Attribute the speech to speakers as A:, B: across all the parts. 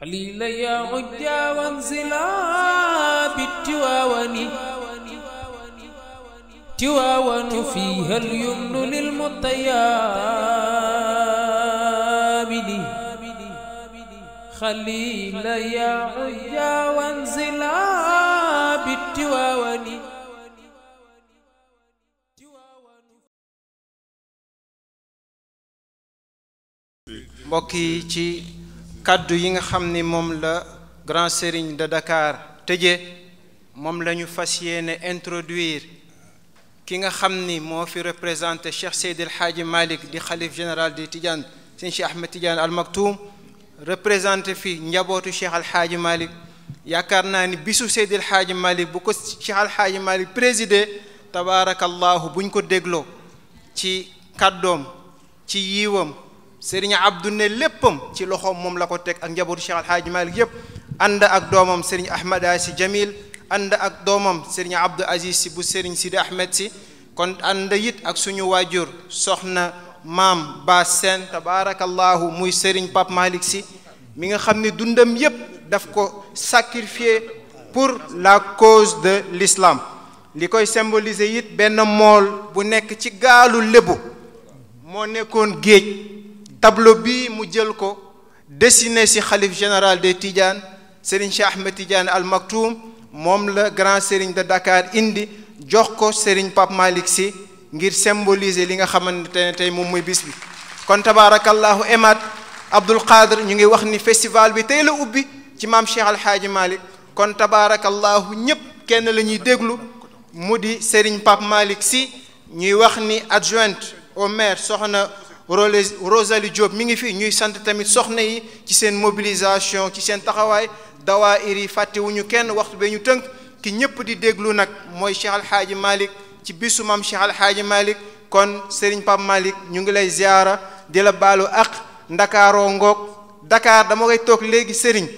A: خليل يا عجا وانزلا بالتواون تواون فيها اليمن للمطيابد خليل يا عجا وانزلا بالتواون
B: mbokk yi kaddu yi nga xam ni moom la grand serigne de Dakar tëje moom la ñu fas yéene introduire ki nga xam ni moo fi représenté Cheikh Seydi El Hadji Malick di xalif général di Tidiane Sëñ Cheikh Ahmed Tidiane Al Maktoum représenté fi njabootu Cheikh El Hadji Malick yaakaar naa ni bisu Seydi El Hadji Malick bu ko Cheikh El Hadji Malick présidé tabaarakallahu buñ ko dégloo ci kàddoom ci yiiwam Serigne Abdou ne léppam ci loxoom moom la ko teg ak njabootu Cheikh Al Hadj Malick yëpp ànd ak doomam Serigne Ahmada si Jamil ànd ak doomam Serigne Abdou Aziz si bu Serigne Sidi Ahmed si kon ànd it ak suñu waajur soxna maam Ba Sène tabaarakallahu muy Serigne Pape Malick si mi nga xam ne dundam yëpp daf ko sacrifié pour la cause de l'islam li koy symboliser it benn mool bu nekk ci gaalu lébu moo nekkoon géej. tablo bi mu jël ko dessiné ci xalif général de Tidiane Serigne Cheikh Ahmed Tidiane Al Maktoum mom la grand Serigne de Dakar indi jox ko Serigne Pape malik si ngir symboliser li nga xamantene tay mom moy bis bi kon tabarakallah emat Abdul Qadir ñu ngi wax ni festival bi tay la ubbi ci mam Cheikh Al Hadji malik kon tabarakallah ñep kenn lañuy déglu mudi Serigne Pape malik si ñuy wax ni adjointe au maire soxna Rosalie Diop mi ngi fi ñuy sant tamit soxna yi ci seen mobilisation ci seen taxawaay dawaa iri wuñu kenn waxtu be ñu teunk ki ñepp di déglu nak moy Cheikh Al Hadji Malik ci bisu mam Cheikh Al Hadji Malik kon Serigne Pape Malik ñu ngi lay ziyara di la baalu ak Dakaro ngok Dakar dama koy tok léegi Serigne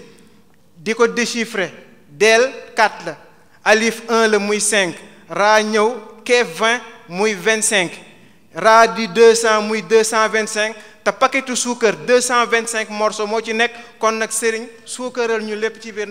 B: diko déchiffrer del 4 la alif 1 le muy 5 ra ñew keef 20 muy 25. Radi 200 muy 225 ta paquetu sucre, 225 morceaux mo ci nek kon nous sëriñ suukaral ñu lepp ci biir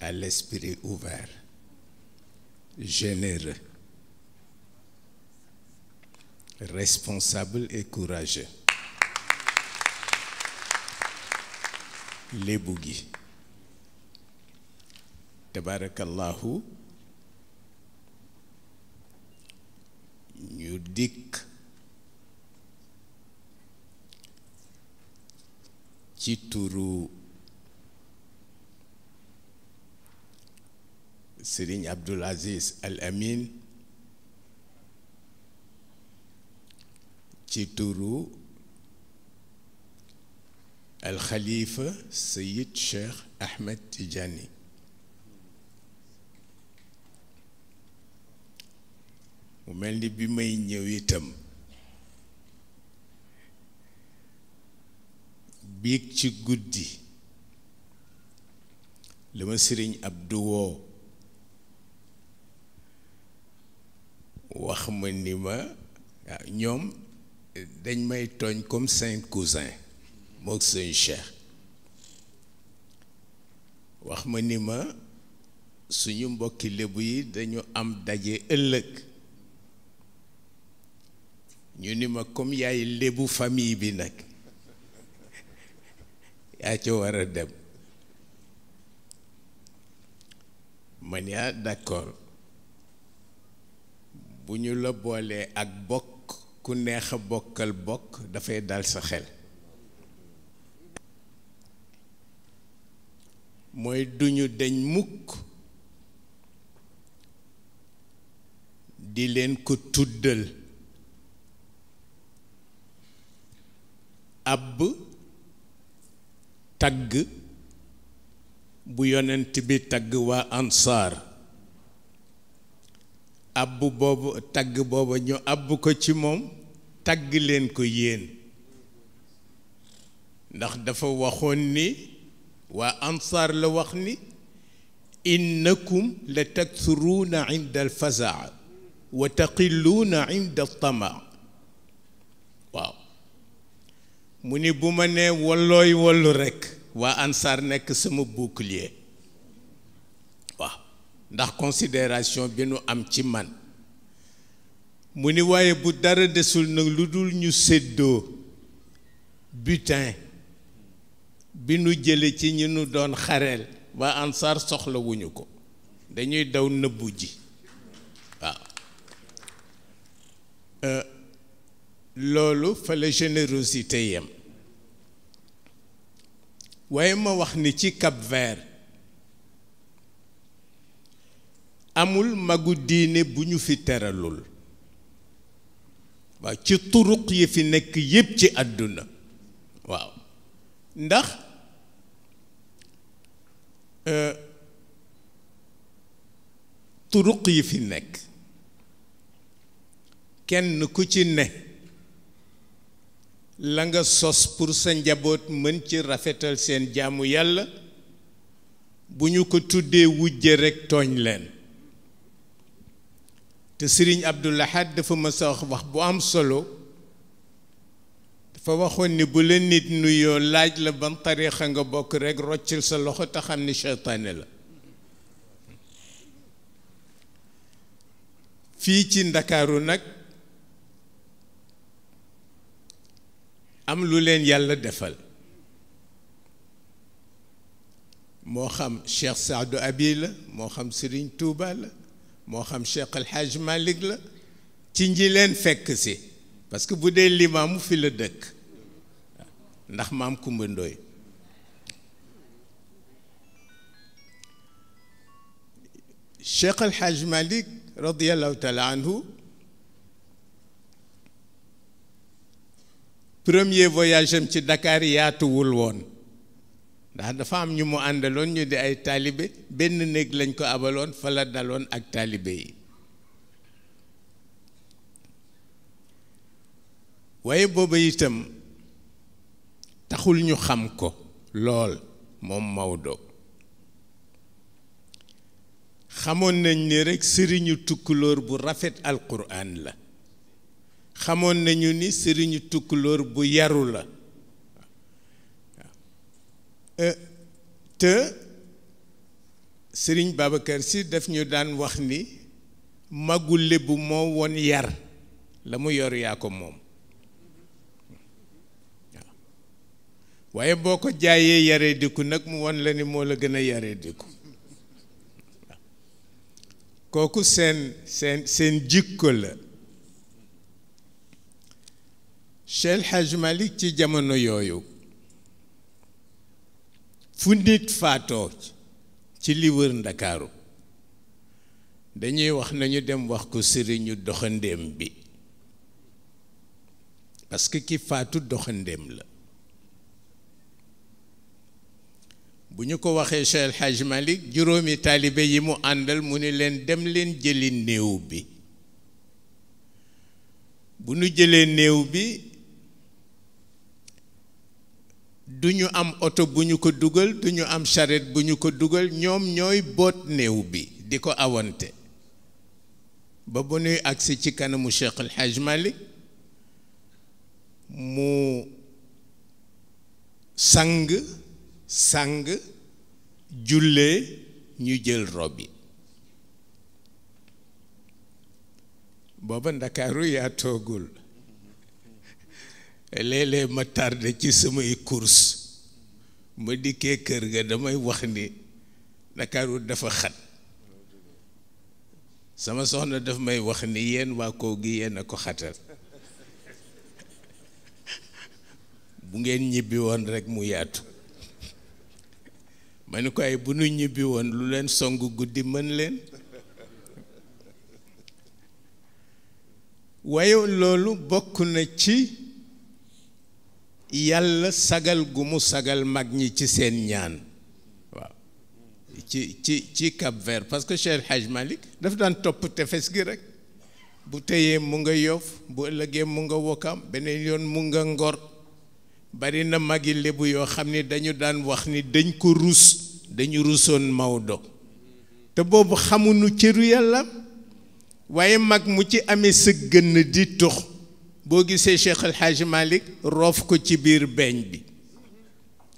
C: à l'esprit ouvert, généreux, responsable et courageux. Les bougies. Tabarakallahu, Nudik. Serigne Abdoul Aziz Al Amin ci turu Al Khalifa Sayyid Cheikh Ahmed Tijani mu mel ni bi may ñëw itam biig ci guddi li ma Abdou woo wax ma ni ma ñoom dañ may togn comme saint cousin mook sëñ Cheikh wax ma ni ma suñu mbokki lebu yi dañu am daje ëllëg ñu ni ma comme yaay lebu famille bi nak yaa ca war dem ah, d'accord bu ñu la boolee ak bokk ku neex a bokkal bokk dafay dal sa xel mooy duñu deñ mukk di leen ko tuddal àbb tagg bu yonent bi tagg waa ansaar abbu bobu tag bobu ñu abbu ko ci mom tag leen ko yéen ndax dafa waxoon ni wa ansar la wax ni innakum latakthuruna inda alfasaa wa taqilluna inda altama waaw mu ni bu ma wallu rek wa ansar nek sama bouclier ndax considération bi nu am ci man mu ni waaye bu dara desul nag lu dul ñu seddoo butin bi nu jële ci ñi nu doon xareel waa ansaar soxlawuñu ko dañuy daw nëbbu ji waaw euh, loolu fa la générosité waaye ma wax ni ci Cap-Vert amul magu diine bu ñu fi teralul waaw ci turuq yi fi nekk yépp ci àdduna waaw ndax euh, turuq yi fi nekk kenn ku ci ne la nga sos pour sa njaboot mën ci rafetal seen jaamu yàlla bu ñu ko tuddee wujje rekk tooñ leen te serigne Abdul Ahad dafa ma sax wax bu am solo dafa waxoon ni bu len nit nuyo laaj la ban tariikha nga bok rek rocil sa loxo ta xamni ni la fi ci Ndakaaru nak am lu len yàlla defal mo xam Cheikh Saadu abila mo xam serigne touba la moo xam Cheikh El Hadj Malick la ci ñi leen fekk si parce que bu dee limaamu fi la dëkk ndax maam Kumba Ndooy Cheikh El Hadj Malick radiallahu taala anhu premier voyage am ci Dakar yaatuwul woon ndax dafa am ñu mu àndaloon ñu di ay taalibe benn néeg lañ ko abaloon fa la daloon ak taalibe yi waaye booba itam taxul ñu xam ko lool moom Maodo xamoon nañ ni rekk sëriñu tukkulóor bu rafet alquran la xamoon nañu ni sëriñu tukkulóor bu yaru la Euh, te sëriñ Babacar si daf ñu daan wax ni màggu lébu moo woon yar la mu yor yaa ko moom waaye boo ko jaayee yaree dikku nag mu won la ni moo la gën a yaree dikku kooku seen seen seen jikko la Cheikh El Hadj ci jamono yooyu fu nit faatoo ci liwër ndakaaru dañuy wax nañu dem wax ko sëriñu doxandéem bi parce ki faatu doxandéem la bu ñu ko waxee Cheikh El Hadj juróomi taalibe yi mu àndal mu ni leen dem leen jëli néew bi bu ñu jëlee néew bi du ñu am oto bu ñu ko dugal du ñu am charrette bu ñu ko dugal ñoom ñooy boot néew bi di ko awante ba bu nuy agsi ci kanamu Cheikh El Hadj mu sang sang jullee ñu jël robi booba Ndakaaru yaa toogul léeg-léeg ma tàrde ci samay course ma dikkee kër ga damay wax ni Ndakaaru dafa xat sama soxna daf may wax ni yéen waa kaw gi yéen a ko xatal bu ngeen ñibbi woon rek mu yaatu ma ni ko ay bu nu ñibbi woon lu leen song guddi mën leen waaye loolu bokk na ci yàlla sagal gu mu sagal mag ñi ci seen ñaan waaw ci ci ci Cap Vert parce que Cheikh Haj malik daf daan topp tefes gi rekk bu teyee mu nga Yoff bu ëllëgee mu nga Wokam beneen yoon mu nga Ngor bari na magi lebu yoo xam ni dañu daan wax ni dañ ko ruus dañu ruusoon Maodo te boobu xamuñu cëru yàlla waaye mag mu ci ame sa gën di tux boo gisee Cheikh El Hadj roof ko ci biir beeñ bi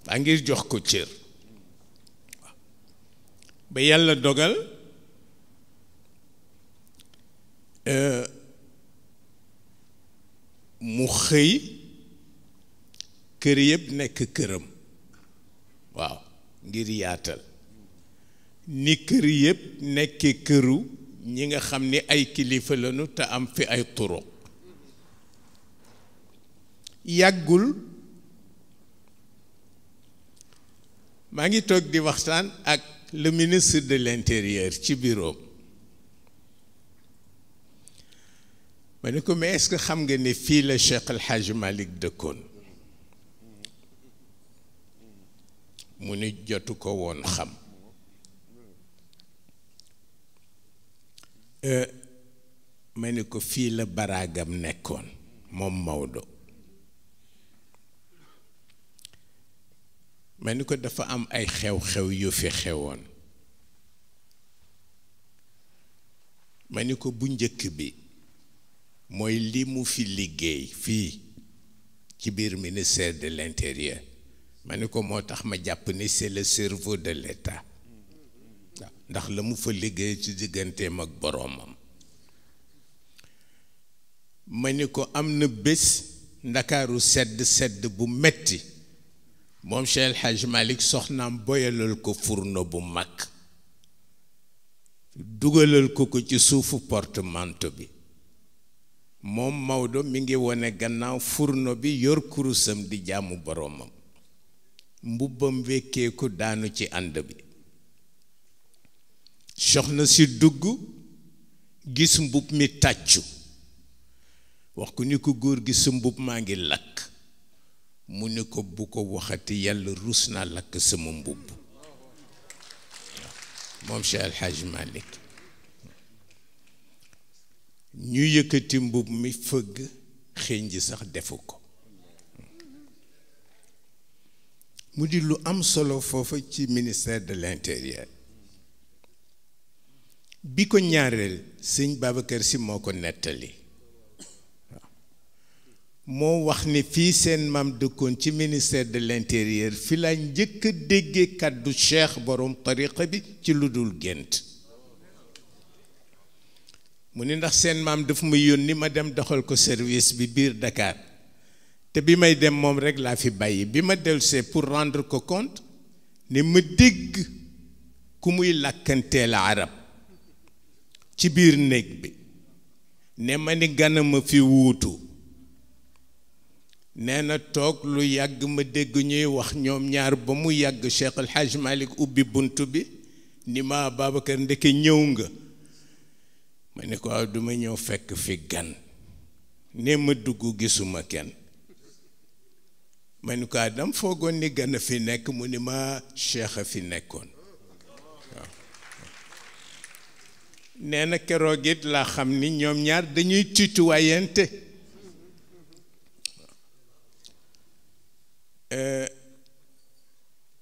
C: waa ngir jox ko cër ba yàlla dogal euh, mu xëy kër yépp nekk këram waaw ngir yaatal ni kër yëpp nekk këru ñi nga xam ni ay kilifa lañu te am fi ay turuq yàggul maa ngi toog di waxtaan ak le ministre de l'intérieur ci bureau ma ne ko mais est xam nga ne fii la Cheikh El Hadj Malick dëkkoon mu ni jotu ko woon xam euh, ma ne ko fii la baraagam nekkoon moom Maodo mel ni ko dafa am ay xew-xew yu fi xewoon ma ni ko bu njëkk bi mooy li mu fi liggéey fii ci biir ministère de l'intérieur ma ni ko moo tax ma jàpp ni c'est le cerveau de l'État ndax la mu fa liggéey ci digganteem ak boroomam ma ni ko am na bés ndakaaru sedd sedd bu metti moom Cheikh El Hadj soxnaam boyalal ko fourneau bu mag dugalal ko ko ci suufu porte-manteau bi moom Maodo mi ngi wone gannaaw furno bi yor kurusam di jaamu boroomam mbubbam wekkeeku daanu ci ànd bi soxna si dugg gis mbubb mi tàccu wax ko ni ko góor gi mbubb maa ngi lakk mu ni ko bu ko waxati yàlla ruus naa lakk sama mbubb moom Cheikh El Hadj ñu yëkkati mbubb mi fëgg xëñ ji sax defu ko mu di lu am solo foofa ci ministère de l'intérieur bi ko ñaareel sëñ Babacar Sy moo ko nettali moo wax ni fii seen maam dëkkoon ci ministère de l'intérieur fi la njëkk a déggee kàddu cheikh borom tariqa bi ci lu dul gént mu ni ndax seen maam daf ma yónni ma dem doxal ko service bi biir Dakar te bi may dem moom rek laa fi bàyyi bi ma dellusee pour rendre ko compte ni ma dégg ku muy làkkanteel arab ci biir néeg bi ne ma ni ganama fi wuutu nee na toog lu yàgg ma dégg ñuy wax ñoom ñaar ba mu yàgg Cheikh El Hadj ubbi bunt bi ni ma Babacar ndeke ñëw nga ma ne ko waaw ah, duma ñëw fekk fi gan ne ma dugg gisuma kenn ma ne ko ah, dam foogoon ni gan fi nekk mu ni ma Cheikh a fi nekkoon waaw na keroog it laa xam ni ñoom ñaar dañuy tutuwaayante Eh,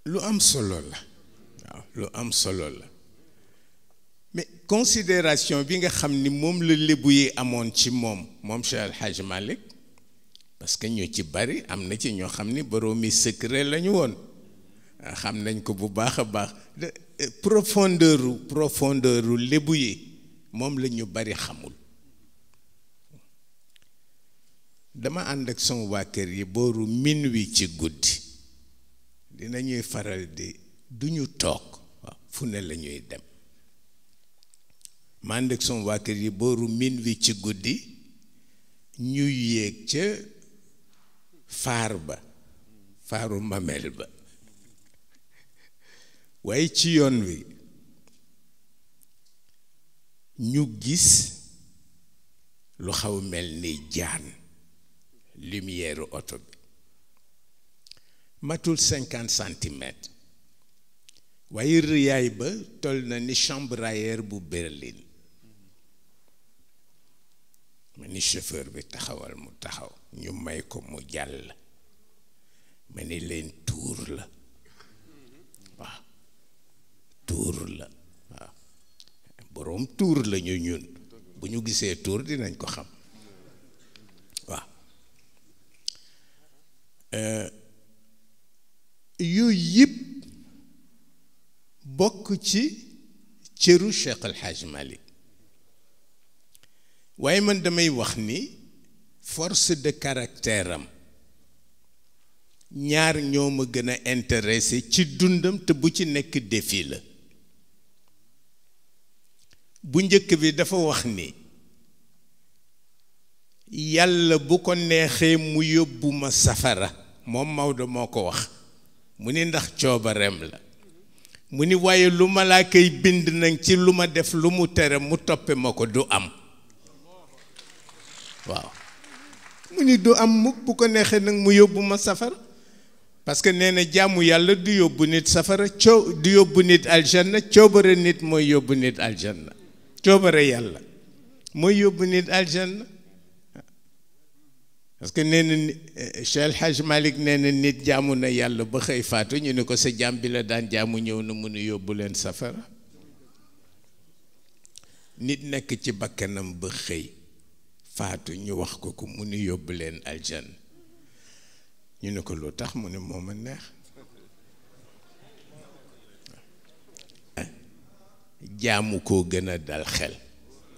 C: lu am solo la waaw lu am solo la mais considération bi nga xam ni moom la lébu amoon ci moom moom Cheikh Al Hadj parce que ñu ci bari am na ci ñoo xam ni boroomi secret lañu ñu woon ah, xam nañ ko bu baax a baax profondeuru eh, profondeuru lébu yi moom la ñu bari xamul dama ànd ak sama waa yi booru minuit ci guddi dinañuy faral di duñu toog waaw fu ne la dem ma ànd ak sama waa yi booru wi ci guddi ñu yéeg ca faar ba faaru mamel ba waaye ci yoon wi ñu gis lu xaw mel ni jaan lumière auto bi matul 50 cm waaye rëyaay ba tol na ni chambre à bu Berlin ma ni chauffeur bi taxawal mu taxaw ñu may ko mu jall ma ni leen tuur la wa tour la borom tour la lañu ñun bu ñu gisee tour dinañ ko xam Eh, yooyu yëpp bokk ci cëru Cheikh Al Hadj Malick waaye man damay wax ni force de caractère ñaar ñoo ma gën a intéressé ci dundam te bu ci nekk défi la bu njëkk bi dafa wax ni yàlla bu ko neexee mu yóbbu ma safara moom Maodo moo ko wax mu ni ndax coobareem la mu ni waaye lu ma laa koy bind nag ci lu ma def lu mu tere mu toppe ma ko du am waaw mu ni du am mukk bu ko neexee nag mu yóbbu ma safara parce que nee na jaamu yàlla du yóbbu nit safara coo du yóbbu nit aljanna coobare nit mooy yóbbu nit aljanna coobare yàlla mooy yóbbu nit aljanna parce que nee na nee nit jaamu na yàlla ba xëy faatu ñu ne ko sa jaam bi la daan jaamu ñëw na mënu yóbbu leen safara nit nekk ci bakkanam ba xëy faatu ñu wax ko ko mënu yóbbu leen aljan ñu ne ko lu tax mu ne moo ma neex jaamu koo gën a dal xel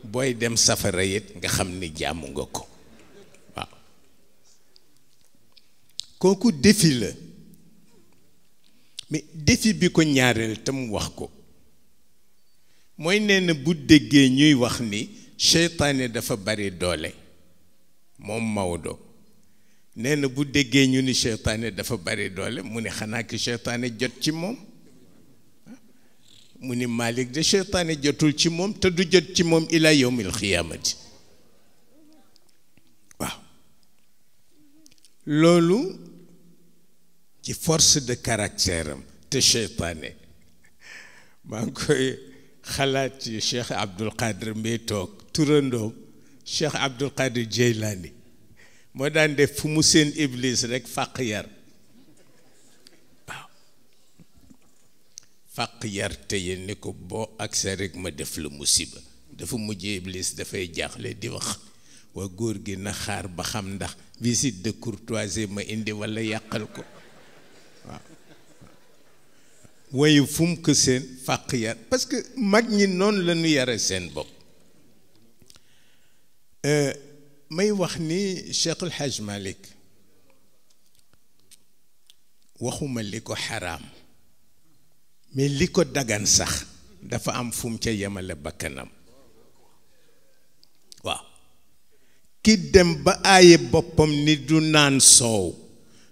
C: booy dem safara it nga xam ni jaamu nga ko kooku défi la mais défi bi ko ñaareel te mu wax ko mooy nee bu déggee ñuy wax ni seytaane dafa bari doole moom Maodo nee na bu déggee ñu ni seytaane dafa bari doole mu ne xanaa ki seytaane jot ci moom mu ni Malick de seytaane jotul ci moom te du jot ci moom ila yowmil xiyaamati waaw loolu ci force de caractère te cheytane maa koy xalaat ci Cheikh Abdul Qadir mbé tok turandoom Cheikh Abdul Qadir jeylani mo dan def fu mu sen iblis rek fàq yar fàq yar te yene ko bo ak sa rek ma def la musiba dafa mujjé iblis da fay jaxlé di wax wa gor gi na xaar ba xam ndax visite de courtoisie ma indi wala yakal ko waaye fum ko seen fàq yar parce que mag ñi noonu la ñu yare seen bopp may wax ni Cheikh El Hadj Malick waxuma li ko xaraam mais li ko dagan sax dafa am fum ca yemale bakkanam waaw ki dem ba aaye boppam ni du naan soow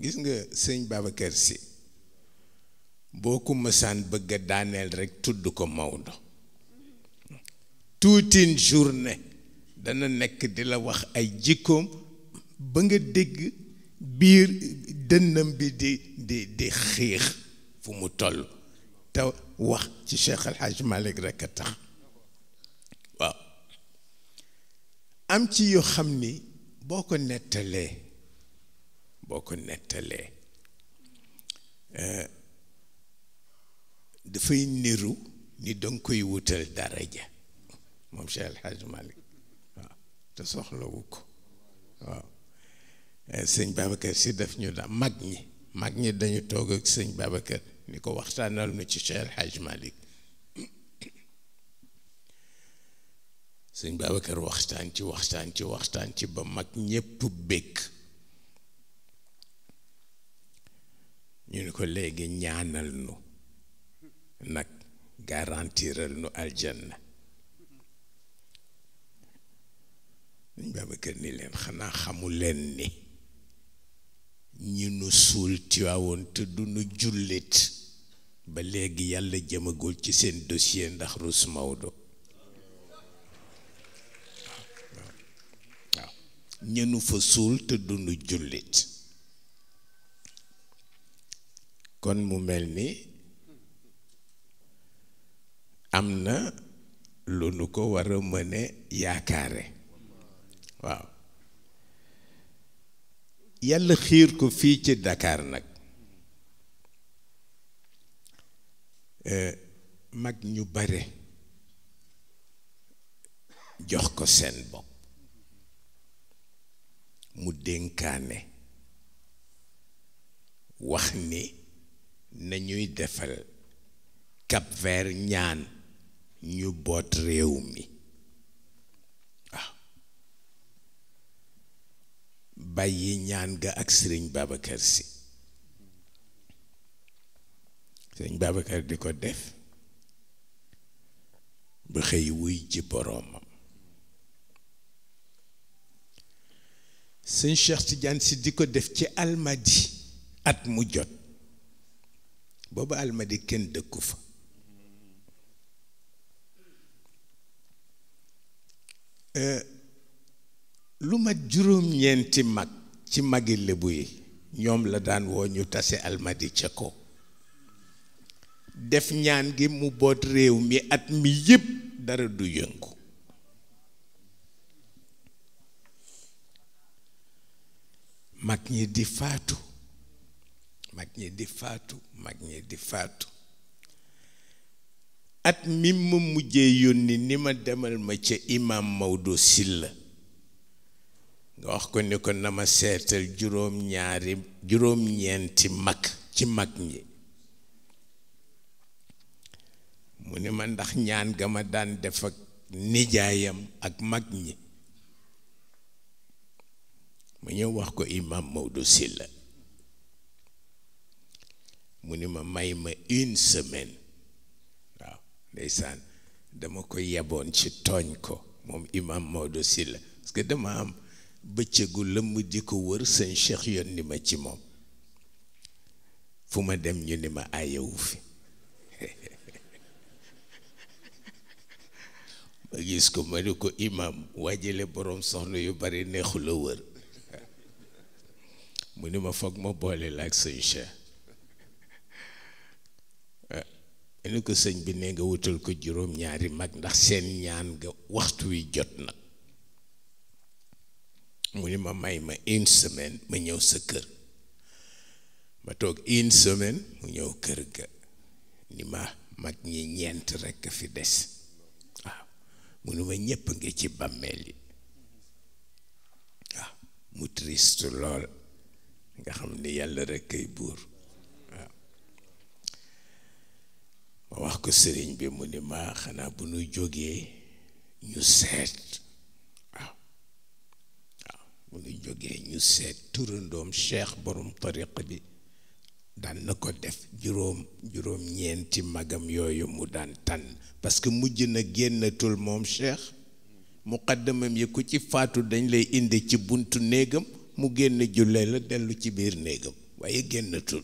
C: gis nga sëñ Babacar si boo ko mësaan bëgg a daaneel rekk tudd ko Maodo toute une journée dana nekk di la wax ay jikkoom ba nga dégg biir dënnam bi di di di xiix fu mu toll te wax ci Cheikh El Hadj rekk a tax waaw am ci yoo xam ni boo ko nettalee boo ko nettalee dafay niru ni danga koy wutal daraja moom Cheikh El Hadj Malick waaw te soxlawu ko waaw sëñ Babacar si def ñu da mag ñi mag ñi dañu toog ak sëñ Babacar ni ko waxtaanal nu ci Cheikh El Hadj Malick sëñ Babacar waxtaan ci waxtaan ci waxtaan ci ba mag ñépp bëgg ñu ni ko léegi ñaanal nu nag garantiral nu aljanna nuñ Babacar ni leen xanaa xamul leen ni ñi nu suul tiwaawoon te du nu jullit ba léegi yàlla jëmagul ci seen dosiye ndax rus Maodo waaw ñenu fa suul te nu jullit kon mu mel ni am na lu nu ko war a mëne yaakaare waaw yàlla xiir ko fii ci Dakar nag eh, mag ñu bare jox ko seen bopp mu dénkaane wax ni nañuy defal Cap Vert ñaan ñu boot réew mi bàyyi ñaan ga ak sëriñ Babacar si sëriñ Babacar di ko def ba xëy wuy ji boroomam sëñ Cheikh si di ko def ci almadi at mu jot boobu almadi kenn dëkku fa euh, lu mat juróom-ñeenti mag ci magi lébu yi ñoom la daan woo ñu tase almadi ca ko def ñaan gi mu boot réew mi at mi yépp dara du yëngu mag ñi di faatu mag ñi di faatu mag ñi di faatu at mi ma mujjee yónni ni ma demal ma ca imaam Maodo Silla nga wax ko ni ko na ma seetal juróom ñaari juróom ñeenti mag ci mag ñi mu ni ma ndax ñaan ga ma daan def ak nijaayam ak mag ñi ma ñëw wax ko imaam Maodo Silla mu ni ma may ma une semaine waaw ndeysaan dama ko yeboon ci tooñ ko moom imam Maodo Sylla parce que dama am bëccëgu lëmm di ko wër sëñ Cheikh yónni ma ci moom fu ma dem ñu ni ma ayewu fi ma gis ko ma ni ko imam waajale borom soxna yu bari neexu la wër mu ni ma foog ma boole la ak sëñ Cheikh ni ko sëñ bi ne nga wutal ko juróom ñaari mag ndax seen ñaan nga waxtu wi jot na mu ni ma may ma une semaine ma ñëw sa kër ma toog une semaine mu ñëw kër ga ni ma mag ñi fi mu ma nga ci yi mu triste lool nga xam ni yàlla buur wax ko sëriñ bi mu ni ma xanaa bu nu jógee ñu seet waaw waaw bu nu jógee ñu seet turandoom cheikh borom tariq bi daan na ko def juróom juróom ñeenti magam yooyu mu daan tànn parce que mujj na génnatul moom cheikh muqaddamam yi ku ci faatu dañ lay indi ci buntu néegam mu génn julle la dellu ci biir néegam waaye génnatul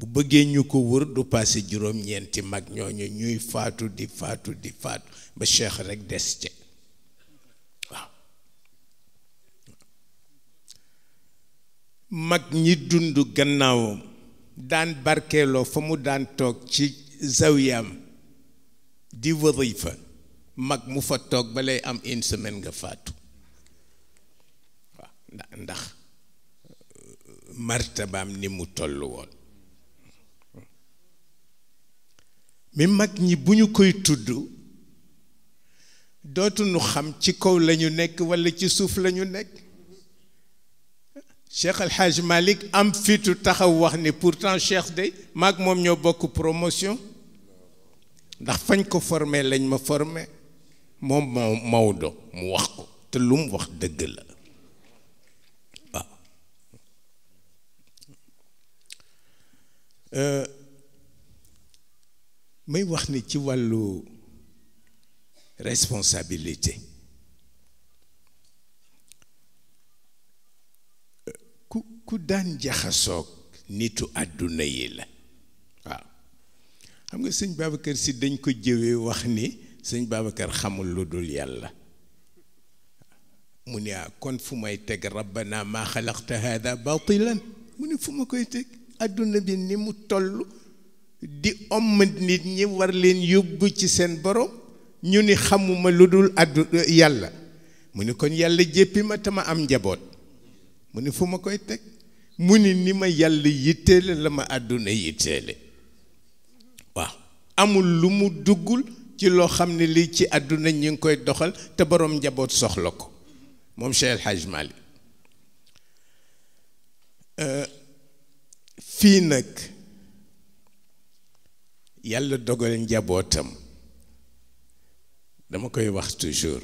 C: bu bëggee ñu ko wër du passé juróom-ñeenti mag ñooñu ñuy faatu di faatu di faatu ba cheikh rekk des ci waaw mag ñi dund gannaawam daan barkeeloo fa mu daan toog ci zawiyam di wadifa mag mu fa toog ba lay am une semaine nga faatu waaw ndax euh, martabaam ni mu tollu woon Mais mag ñi bu ñu koy tudd dootuñu xam ci kaw lañu nekk wala ci suuf Cheikh Al am fitu taxaw ni pourtant Cheikh de mag moom ñoo promotion ndax fañ ko formé lañ ma formé moom Maodo mu wax ko te euh, may wax ni ci walu responsabilité ku ku daan jaxasoog nitu àdduna yi la waaw xam nga sëñ Babacar si dañ ko jëwee wax ni sëñ Babacar xamul lu dul yàlla mu ne ah kon fu may teg rabbana ma xalaqta hada batilan mu ne fu ma koy teg àdduna bi ni mu toll di omm nit ñi war leen yóbbu ci seen borom ñu ni xamuma lu dul addu eh, yàlla mu ni kon yàlla jéppi ma te ma am njaboot mu ni fu ma koy teg mu ni ni ma yàlla yitteele la ma àdduna yitteele waaw amul lu mu duggul ci loo xam ni lii ci àdduna ñu ngi koy doxal te boroom njaboot soxla ko moom Cheikh El Hadj eh, fii nag yalla dogal njabotam dama koy wax toujours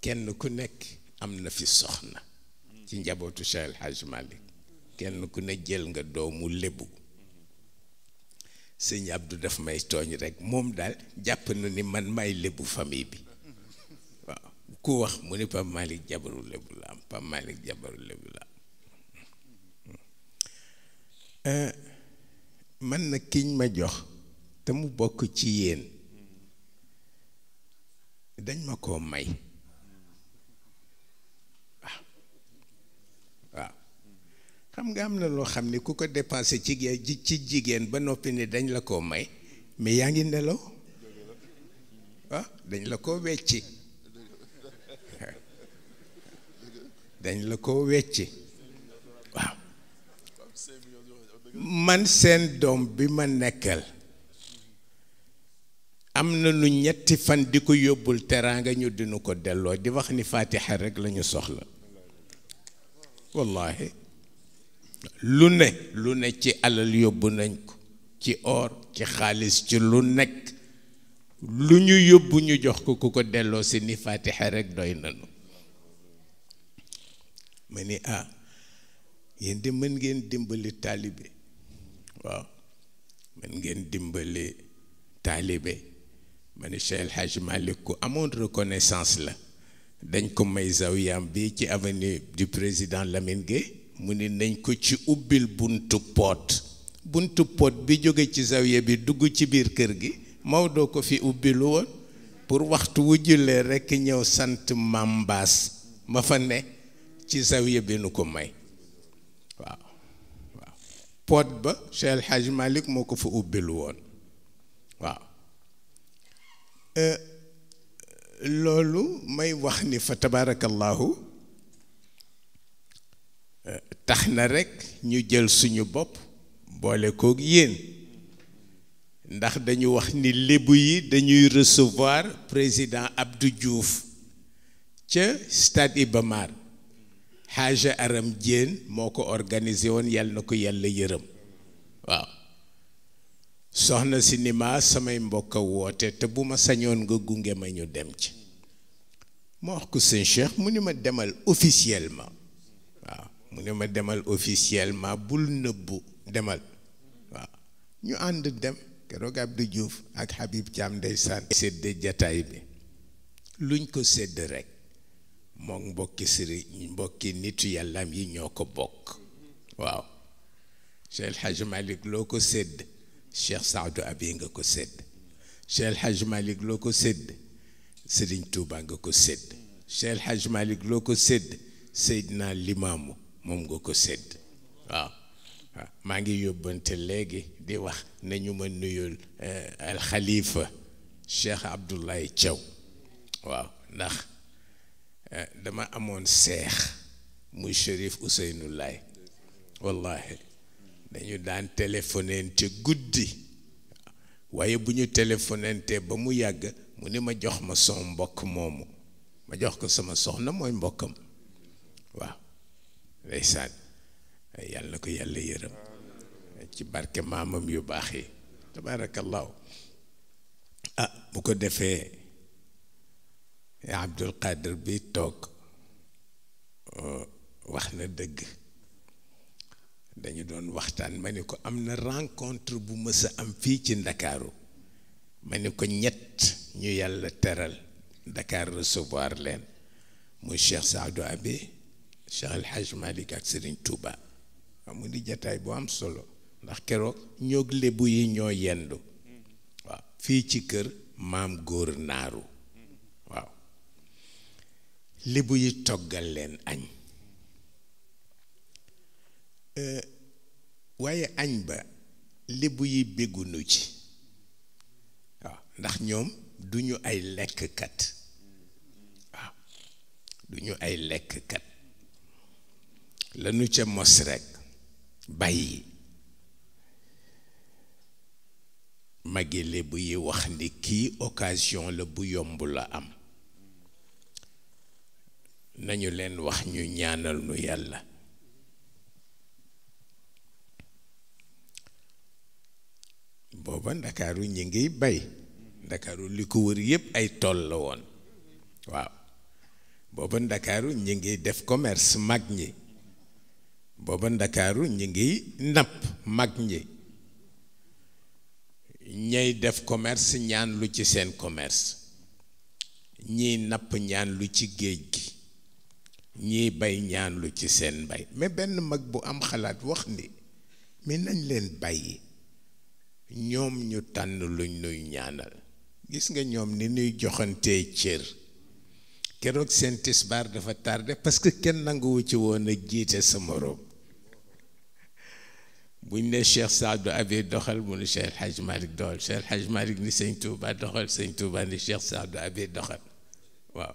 C: kenn ku nekk am na fi soxna ci njabootu Cheikh El Hadj Malik. kenn ku ne jël nga doomu lébu sëñ Abdou daf may tooñ rek moom daal jàpp na ni man may famille bi waaw ku wax mu jabaru la am Pape la Eh, man na kiñ ma jox te mu bokk ci yéen dañ ma koo may waaw xam nga am na loo xam ni ku ko dépensé ci ci jigéen ba noppi ni dañ la koo may mais yaa ngi nelaw ah, dañ la koo wecci dañ la koo wecci man seen doom bi ma nekkal am na lu ñetti fan di ko yóbbul teraanga ñu dinu ko delloo di wax ni faatiha rekk lañu soxla wallaahi lu ne lu ne ci alal yóbbu nañ ko ci or ci xaalis ci lu nekk lu ñu yóbbu ñu jox ko ku ko delloo si ni faatiha rekk doy nanu ma ni ah yéen de mën ngeen dimbali taalibe waaw mën ngeen dimbale taalibe ma ne Cheikh El Hadj ku amoon reconnaissance la dañ ko may zawiyaam bi ci avenue du président Lamine Gueye mu ne nañ ko ci ubbil buntu poot buntu poot bi jóge ci zawiya bi dugg ci biir kër gi mawdo ko fi ubbilu woon pour waxtu wu jullee rekk ñëw sant Mambaas ma fa ne ci zawiya bi nu ko may waaw pot ba Cheikh El Hadj moo ko fa ubbil woon waaw euh, loolu may wax ni fa tabarakallahu euh, tax na rekk ñu jël suñu bopp boole koog yéen ndax dañu wax ni lébu yi dañuy recevoir président Abdou juuf ca stade Iba xaaja aram jéen moo ko organisé woon yàlla na ko yàlla yërëm waaw soxna si ni ma samay mbokk woote te bu ma sañoon nga gunge ma ñu dem ci ma wax ko sëñ Cheikh mu ni ma demal officiellement waaw ma demal officiellement bul nëbbu demal waaw ñu ànd dem keroog Abdou Diouf ak Habib Thiam ndeysaan sedd jataay bi luñ ko sedd rek moom mbokki sëriñ mbokki nitu yàllaam yi ñoo ko bokk waaw Cheikh El Hadj loo ko sedd Cheikh Saadu Abi nga ko sedd Cheikh El Hadj loo ko sedd Sëriñ Tuuba nga ko sédd Cheikh ko sédd Seydina Limaamu moom nga ko sedd waaw maa ngi yóbbante léegi di wax nañu ma nuyul eh, alxalifa Cheikh Abdoulaye Thiaw waaw ndax Eh, dama amoon seex muy Chérif Ousseynou Laye wallahi dañu daan téléphonente guddi waaye bu ñu téléphonente ba mu yàgg mu ni ma jox ma son mbokk moomu ma jox ko sama soxna mooy mbokkam waaw ndeysaan yàlla ko yàlla yërëm ci barke maamam yu baax yi tabaarakallaahu ah bu ko defee يا عبد القادر بي توك أه، واخنا دغ داني دون وقتان مانيكو امنا رانكونتر بو مسا ام في تي دكارو مانيكو نيت ني يالا تيرال دكار ريسوفوار لين مو شيخ سعدو ابي شيخ الحاج مالك ات سيرين توبا امو دي جتاي بو ام سولو ndax kero ñog le bu yi ñoo yendu wa fi ci kër maam gor naru lébu yi toggal leen añ euh, waaye añ ba lébu yi béggunu ci waaw ndax ñoom duñu ay lekkkat waaw duñu ay lekkkat lanu ca mos rekk bàyyi magi lébu yi wax ni kii occasion la bu yomb la am nañu leen wax ñu ñaanal nu yàlla booba ndakaaru ñi ngiy bay ndakaaru li ko wër yépp ay tool la woon waaw booba ndakaaru ñi ngiy def commerce mag ñi booba ndakaaru ñi ngiy napp mag ñi ñay def commerce ñaan lu ci seen commerce ñiy napp ñaan lu ci géej gi ñiy bay ñaanlu ci seen bay mais benn mag bu am xalaat wax ni mi nañ leen bàyyi ñoom ñu tànn luñ nuy ñaanal gis nga ñoom ni nuy joxantee cër keroog seen tisbaar dafa tardé parce que kenn nanguwu ci woon a jiite sa moroom buñ ne Cheikh Saadu abee doxal mu ne Cheikh Haj Malik doxal Cheikh Haj Malik ni sëñ Touba doxal sëñ Touba ni Saadu Abi doxal waaw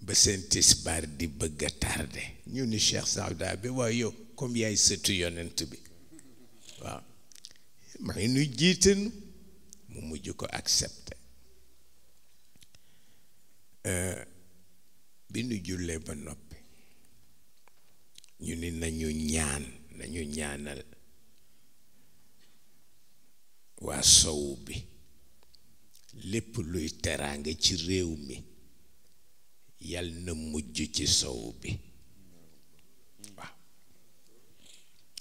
C: ba seen tisbaar di bëgg a tardé ñu ni Cheikh Saada bi waaw yow comme yaay sëtu yonent bi waaw may nu jiitan mu mujj ko accepté euh, bi nu jullee ba noppi ñu ni nañu ñaan nañu ñaanal waa sow bi lépp luy teraanga ci réew mi yal na mujj ci sow bi waaw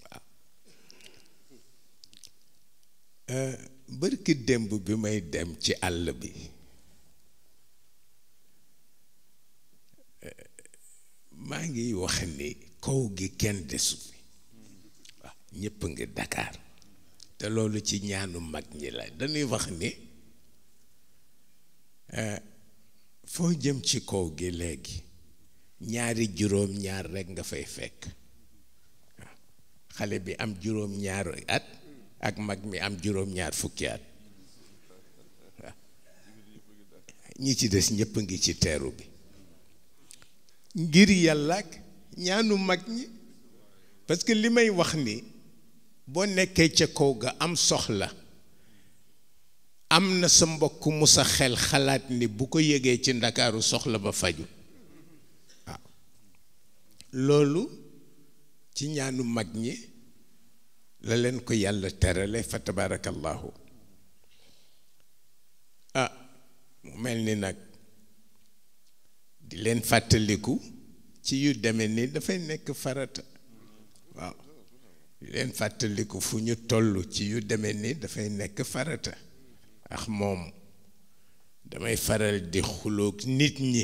C: waaw euh, bërki démb bi may dem ci àll bi euh, maa ngiy wax ni kaw gi kenn desu fi waaw ñépp ngi dakaar te loolu ci ñaanu mag ñi la dañuy wax ni euh, foo jëm ci kaw gi léegi ñaari juróom ñaar rekk nga fay fekk xale bi am juróom ñaar at ak mag mi am juróom ñaar fukki at ñi ci des ñëpp a ngi ci teeru bi ngir yàlla ñaanu mag ñi parce que li may wax ni boo nekkee ca kaw ga am soxla am na sa mbokk mu sa xel xalaat ni bu ko yégee ci ndakaaru soxla ba faju loolu ci ñaanu mag ñi la leen ko yàlla terale fa tabarakallahu ah mu mel ni nag di leen fàttaliku ci yu demee ni dafay nekk farata waaw di leen fàttaliku fu ñu tollu ci yu demee ni dafay nekk farata ak moom damay faral di xuloog nit ñi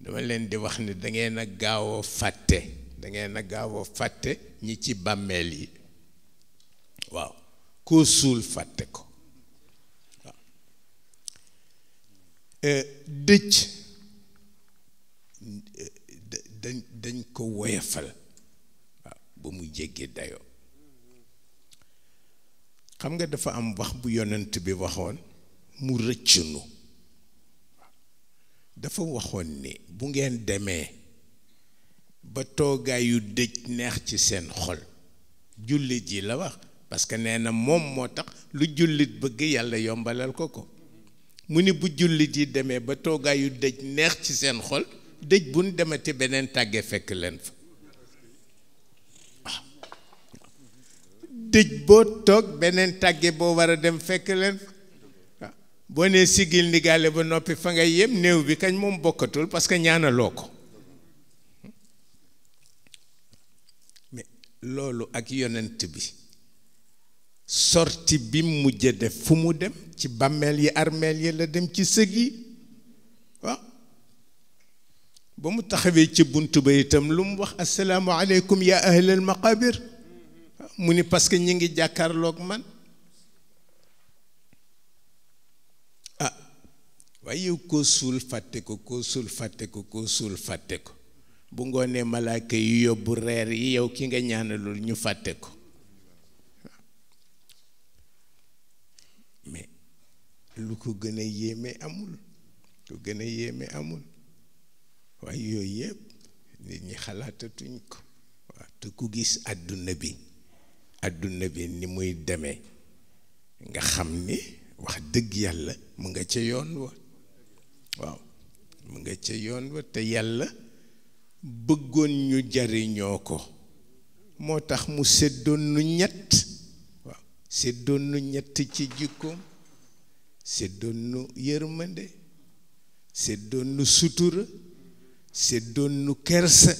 C: dama leen di wax ni dangeen a gaaw a fàtte dangeen a gaaw a fàtte ñi ci bàmmeel yi waaw koo suul fàtte ko waaw euh, euh, dañ dañ ko woyafal waaw ba mu jéggi dayo xam nga dafa am wax bu yonent bi waxoon mu rëcc nu dafa waxoon ni bu ngeen demee ba toogaayu dëj neex ci seen xol jullit yi la wax parce que nee na moom moo tax lu jullit bëgg yàlla yombalal ko ko mu ni bu jullit yi demee ba toogaayu dëj neex ci seen xol dëj buñ demati beneen tàggee fekk leen fa tëj boo toog beneen tàgge boo war a dem fekk leen ah, boo nee sigil ndigaale ba noppi fa nga yem néew bi kañ moom bokkatul parce que ñaanaloo ko mais loolu ak yonent bi sorti bi mujj def fu mu dem ci bàmmeel yi armeel yi la dem ci sëg yi ah, ba mu taxawee ci bunt ba itam lu mu wax assalaamu aleykum yaa ahlal maqabir mu ni parce que ñi ngi jàkkaarloog man ah waaye yow koo suul fàtte ko koo suul fàtte ko koo suul fàtte bu ngoonee malaaka yi yóbbu reer yi yow ki nga ñaanalul ñu fàtte ko mais lu ko gën a yéeme amul lu gën a yéeme amul waaye yooyu yëpp nit ñi xalaatatuñ ko waaw te ku gis àdduna bi àdduna bi ni muy deme nga xam ni wax dëgg yàlla mu nga ca yoon wa waaw mu nga ca yoon wa te yàlla bëggoon ñu jariñoo ko moo tax mu séddoon nu ñett waaw séddoon nu ñett ci jikkoom séddoon nu yërmande séddoon nu sutura séddoon nu kersa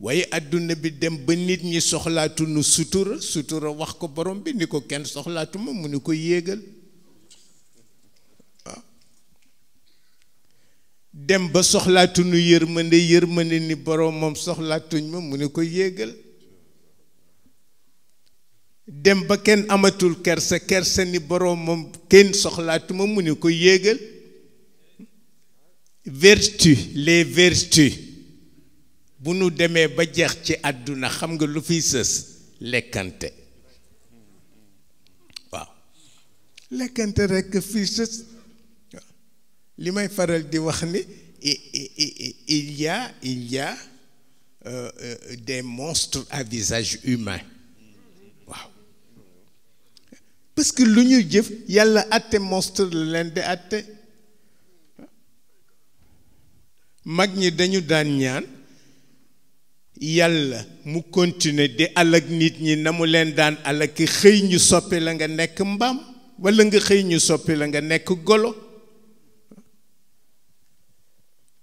C: waaye àdduna bi dem ba nit ñi soxlaatu nu sutura sutura wax ko borom bi ni ko kenn soxlaatu ma mu ni ko yéegal waaw ah. dem ba soxlaatu nu yërmande yërmande ko yéegal dem ba kenn amatul kersa kersa ni borom kenn soxlaatu mu ni ko yéegal vertu les vertus bu nu demee ba jeex ci àdduna xam nga lu fiy sës lekkante waaw lekkante rek fiy sës li may faral di wax ni il y a il y a euh, euh, des monstres à visage humain waaw parce que lu ñu jëf yàlla àtte monstre la leen di àtte mag ñi dañu daan ñaan yàlla mu continuer di alak nit ñi na mu leen daan alak ki xëy ñu soppi la nga nekk mbaam walla nga xëy ñu soppi la nga nekk golo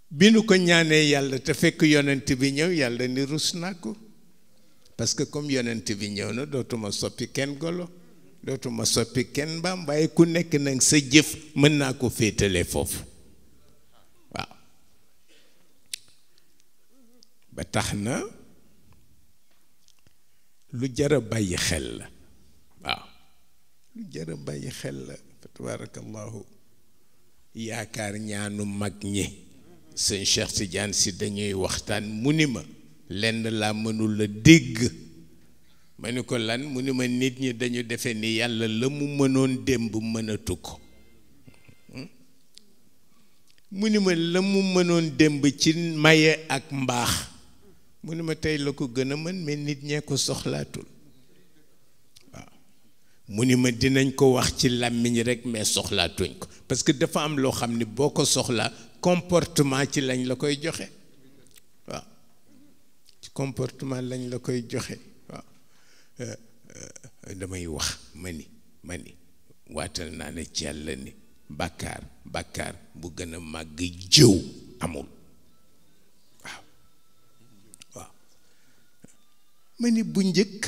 C: bi nu ko ñaanee yàlla te fekk yonent bi ñëw yàlla ni rus naa ko parce que comme yonent bi ñëw na dootuma soppi kenn golo dootuma soppi kenn mbaam waaye ku nekk nag sa jëf mën naa ko féetale foofu ba tax na lu jara bàyyi xel la waaw lu jara bàyyi xel la fa yaakaar ñaanu mag ñi sëñ Cheikh si dañuy waxtaan munima ni ma lenn laa mënul a dégg ma ni ko lan mu ma nit ñi dañu defe ni yàlla la mu mënoon démb mënatu ko hmm? mu ni la mu mënoon démb ci maye ak mbaax mu ma tey la ko gën a mën mais nit ñee ko soxlaatul waaw mu ni ma dinañ ko wax ci làmmiñ rek mais soxlaatuñ ko parce que dafa am loo xam ni boo ko soxlaa comportement ci lañ la koy joxe waaw ci comportement lañ la koy joxe waaw euh, euh, damay wax ma ni ma ni waatal naa ne ci yàlla ni bàkkaar bàkkaar bu gën a màgg jëw amul
B: ma bu njëkk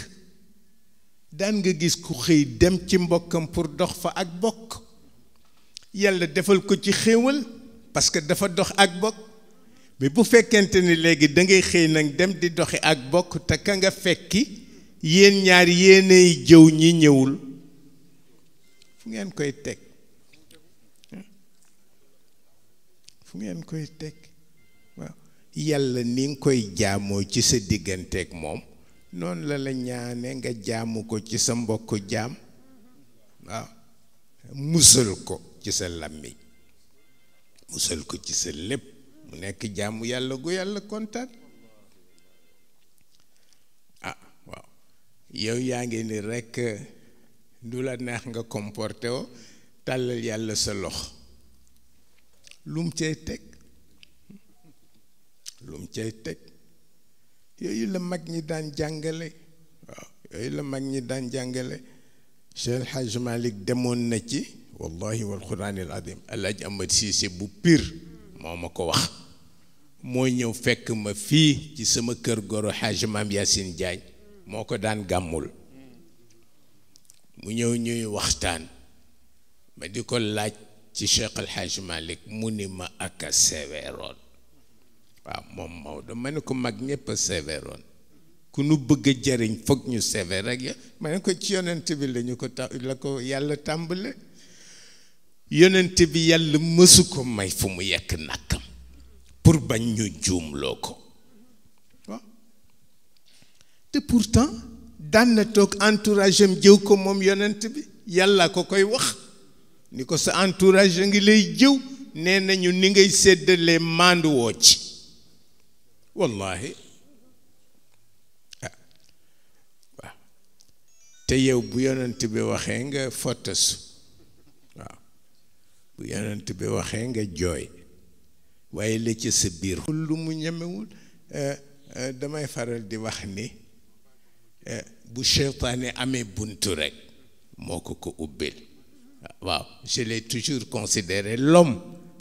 C: daan nga gis ku xëy dem ci mbokkam pour dox fa ak bokk yàlla defal ko ci xéewal parce que dafa dox ak bokk mais bu fekkente ni léegi dangay xëy nag dem di doxi ak bokk te ka nga fekki yéen ñaar yéenay jëw ñi ñëwul fu ngeen koy teg fu ngeen koy teg waaw yàlla ni nga koy jaamoo ci sa digganteeg moom noonu la la ñaane nga jaamu ko ci sa mbokk jaam waaw musal ko ci sa làmmiñ musal ko ci sa lépp mu nekk jaamu yàlla gu yàlla kontaan ah waaw yow yaa ngi ni rekk du la neex nga comporté wo tàllal yàlla sa lox lum cay teg lum cay teg yooyu la mag ñi daan jàngale waaw yooyu la mag ñi daan jàngale Cheikh El Hadj Malick demoon na ci wallahi wal quraanil azim alaaji Amad Siise bu piir moo ma ko wax moo ñëw fekk ma fii ci sama kër goro Hadj Maam Yaasin Jaañ moo ko daan gàmmul mu ñëw ñuy waxtaan ma di ko laaj ci Cheikh El Hadj Malick mu ni ma aka seweeroon waaw moom Maodo ma ne ko mag ñëpp a sévéroon ku nu bëgg a jariñ foog ñu sévère rek ya ma ko ci yonent bi lañu ko ta la ko yàlla tàmbale yonent bi yàlla mësu ko may fu mu yekk nàkkam pour bañ ñu loo ko waaw te pourtant daan na toog entourage am jëw ko moom yonent bi yàlla ko koy wax ni ko sa entourage a ngi lay jëw nee nañu ni ngay séddalee maandu woo ci والله ah waaw te yow bu yonent bi waxee nga fottasu waaw bu yonent bi waxee nga jooy waaye la ci sa biir xul lu mu ñemewul damay faral di wax ni bu seytaane amee buntu rek moo ko ko ubbil waaw je l'ai toujours considéré l'homme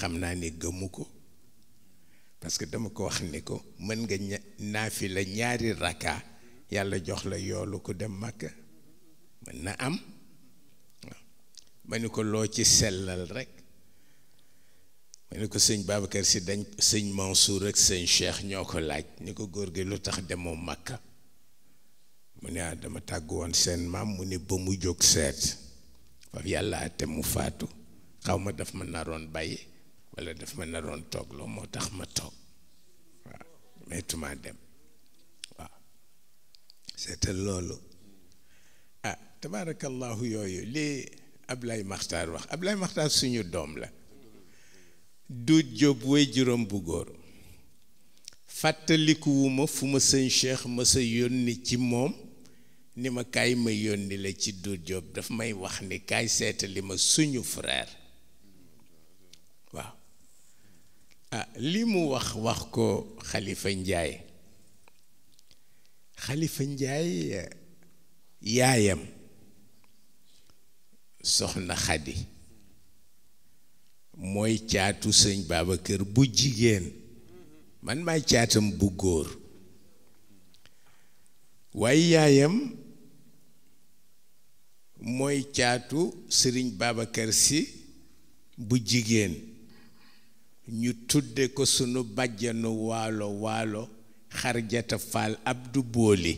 C: xam naa ni gëmu ko parce que dama ko wax ni ko mën nga naafi la ñaari raka yàlla jox la yoolu ku dem màkk mën na am ma ni ko loo ci sellal rekk ma ni ko sëñ Babacar si dañ sëñ Mansour ak sëñ Cheikh ñoo ko laaj ni ko góor gi lu tax demoo màkka mu ne ah dama tàgg woon seen maam mu ne ba mu jóg seet faf yàlla ate mu faatu xaw ma daf ma naroon bàyyi wala daf ma naroon toog loo moo tax ma toog waaw metuma dem waaw seetal loolu ah tabaarakallaahu yooyu lii Ablaye Makhtar wax Ablaye Makhtar suñu doom la du jóob way juróom bu góor fàttalikuwuma fu ma sëñ Cheikh ma sa yónni ci moom ni ma kaay ma yónni la ci du job daf may wax ni kaay seetali ma suñu frère ah li mu wax wax ko xalifa njaay eh, yaayam soxna xadi mooy caatu sëñ Babacar bu jigéen man maay caatam bu góor waaye yaayam mooy caatu sëriñ Babacar si bu jigéen ñu tudde ko sunu bàjjanu waalo waalo xarjata faal abdu booli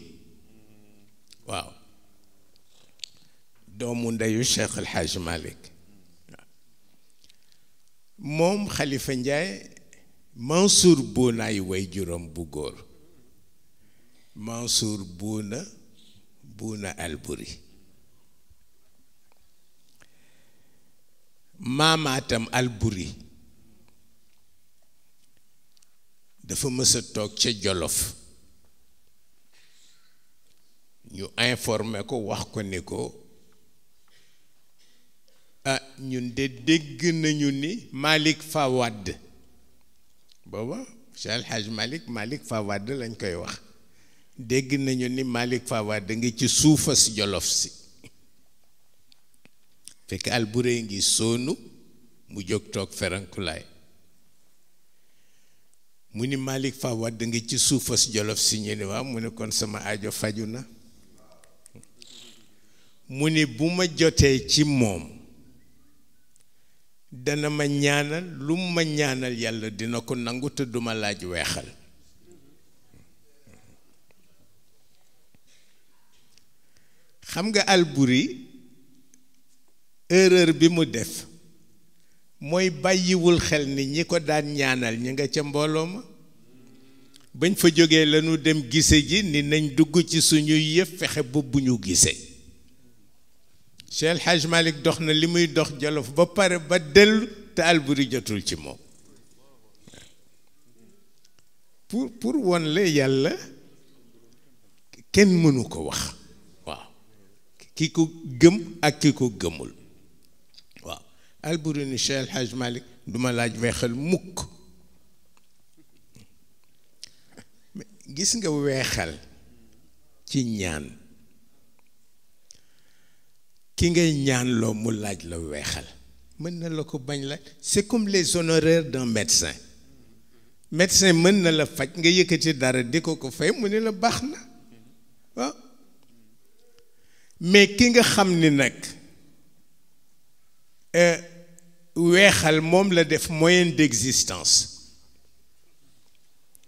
C: waaw doomu ndeyu cheikh alxaaj malik moom xalifa njaay mansour buuna ay way juróom bu góor mansuur buuna buuna alburi maamaatam alburi dafa mës toog ca jolof ñu informé ko wax ko ni ko ah ñun de dégg nañu ni Malick Fawad booba Cheikh El Hadj Malick Malick Fawad lañ koy wax dégg nañu ni Malick Fawad ngi ci suufas jolof si fekk Alboury ngi soonu mu jóg toog ferankulaay mu ni Malick Fa Wade ngi ci suufas jolof si ñu ni mu ne kon sama ajo faju na mu ni bu ma jotee ci moom dana ma ñaanal lu ma ñaanal yàlla dina ko nangu te duma laaj weexal xam nga Alburi erreur bi mu def mooy bàyyiwul xel ni ñi ko daan ñaanal ñi nga ca mbooloo ma bañ fa jógee lañu dem gise ji ni nañ dugg ci suñuy yëf fexe ba bu ñu gise Cheikh El Hadj dox na li muy dox Jolof ba pare ba dellu te Alburi jotul ci moom pour pour won la yàlla kenn mënu ko wax waaw ki ko gëm ak ki ko gëmul al Cheikh El Hadj duma du ma laaj weexal mukk gis nga wexal ci ñaan ki ngay ñaan lo mu laaj la wexal mën na la ko bañ la c'est comme les honoraires d'un médecin médecin mën na la faj nga yëkëti dara di ko ko fay mu ne la baax na waaw ah. mais ki nga xam ni nag euh, weexal moom la def moyen d'existence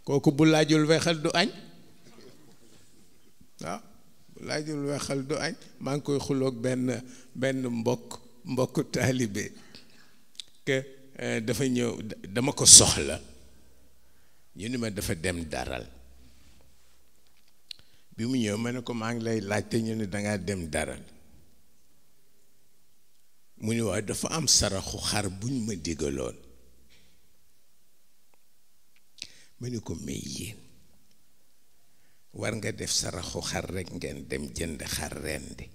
C: kooku bu laajul du añ waaw bu du añ maa ngi koy benn benn mbokk taalibe que euh, dafa ñëw dama ko soxla ñu ni mu ni waaw dafa am saraxu xar buñ ma digaloon ma ni ko may yéen war nga def saraxu xar rekk ngeen dem jënd xar rendi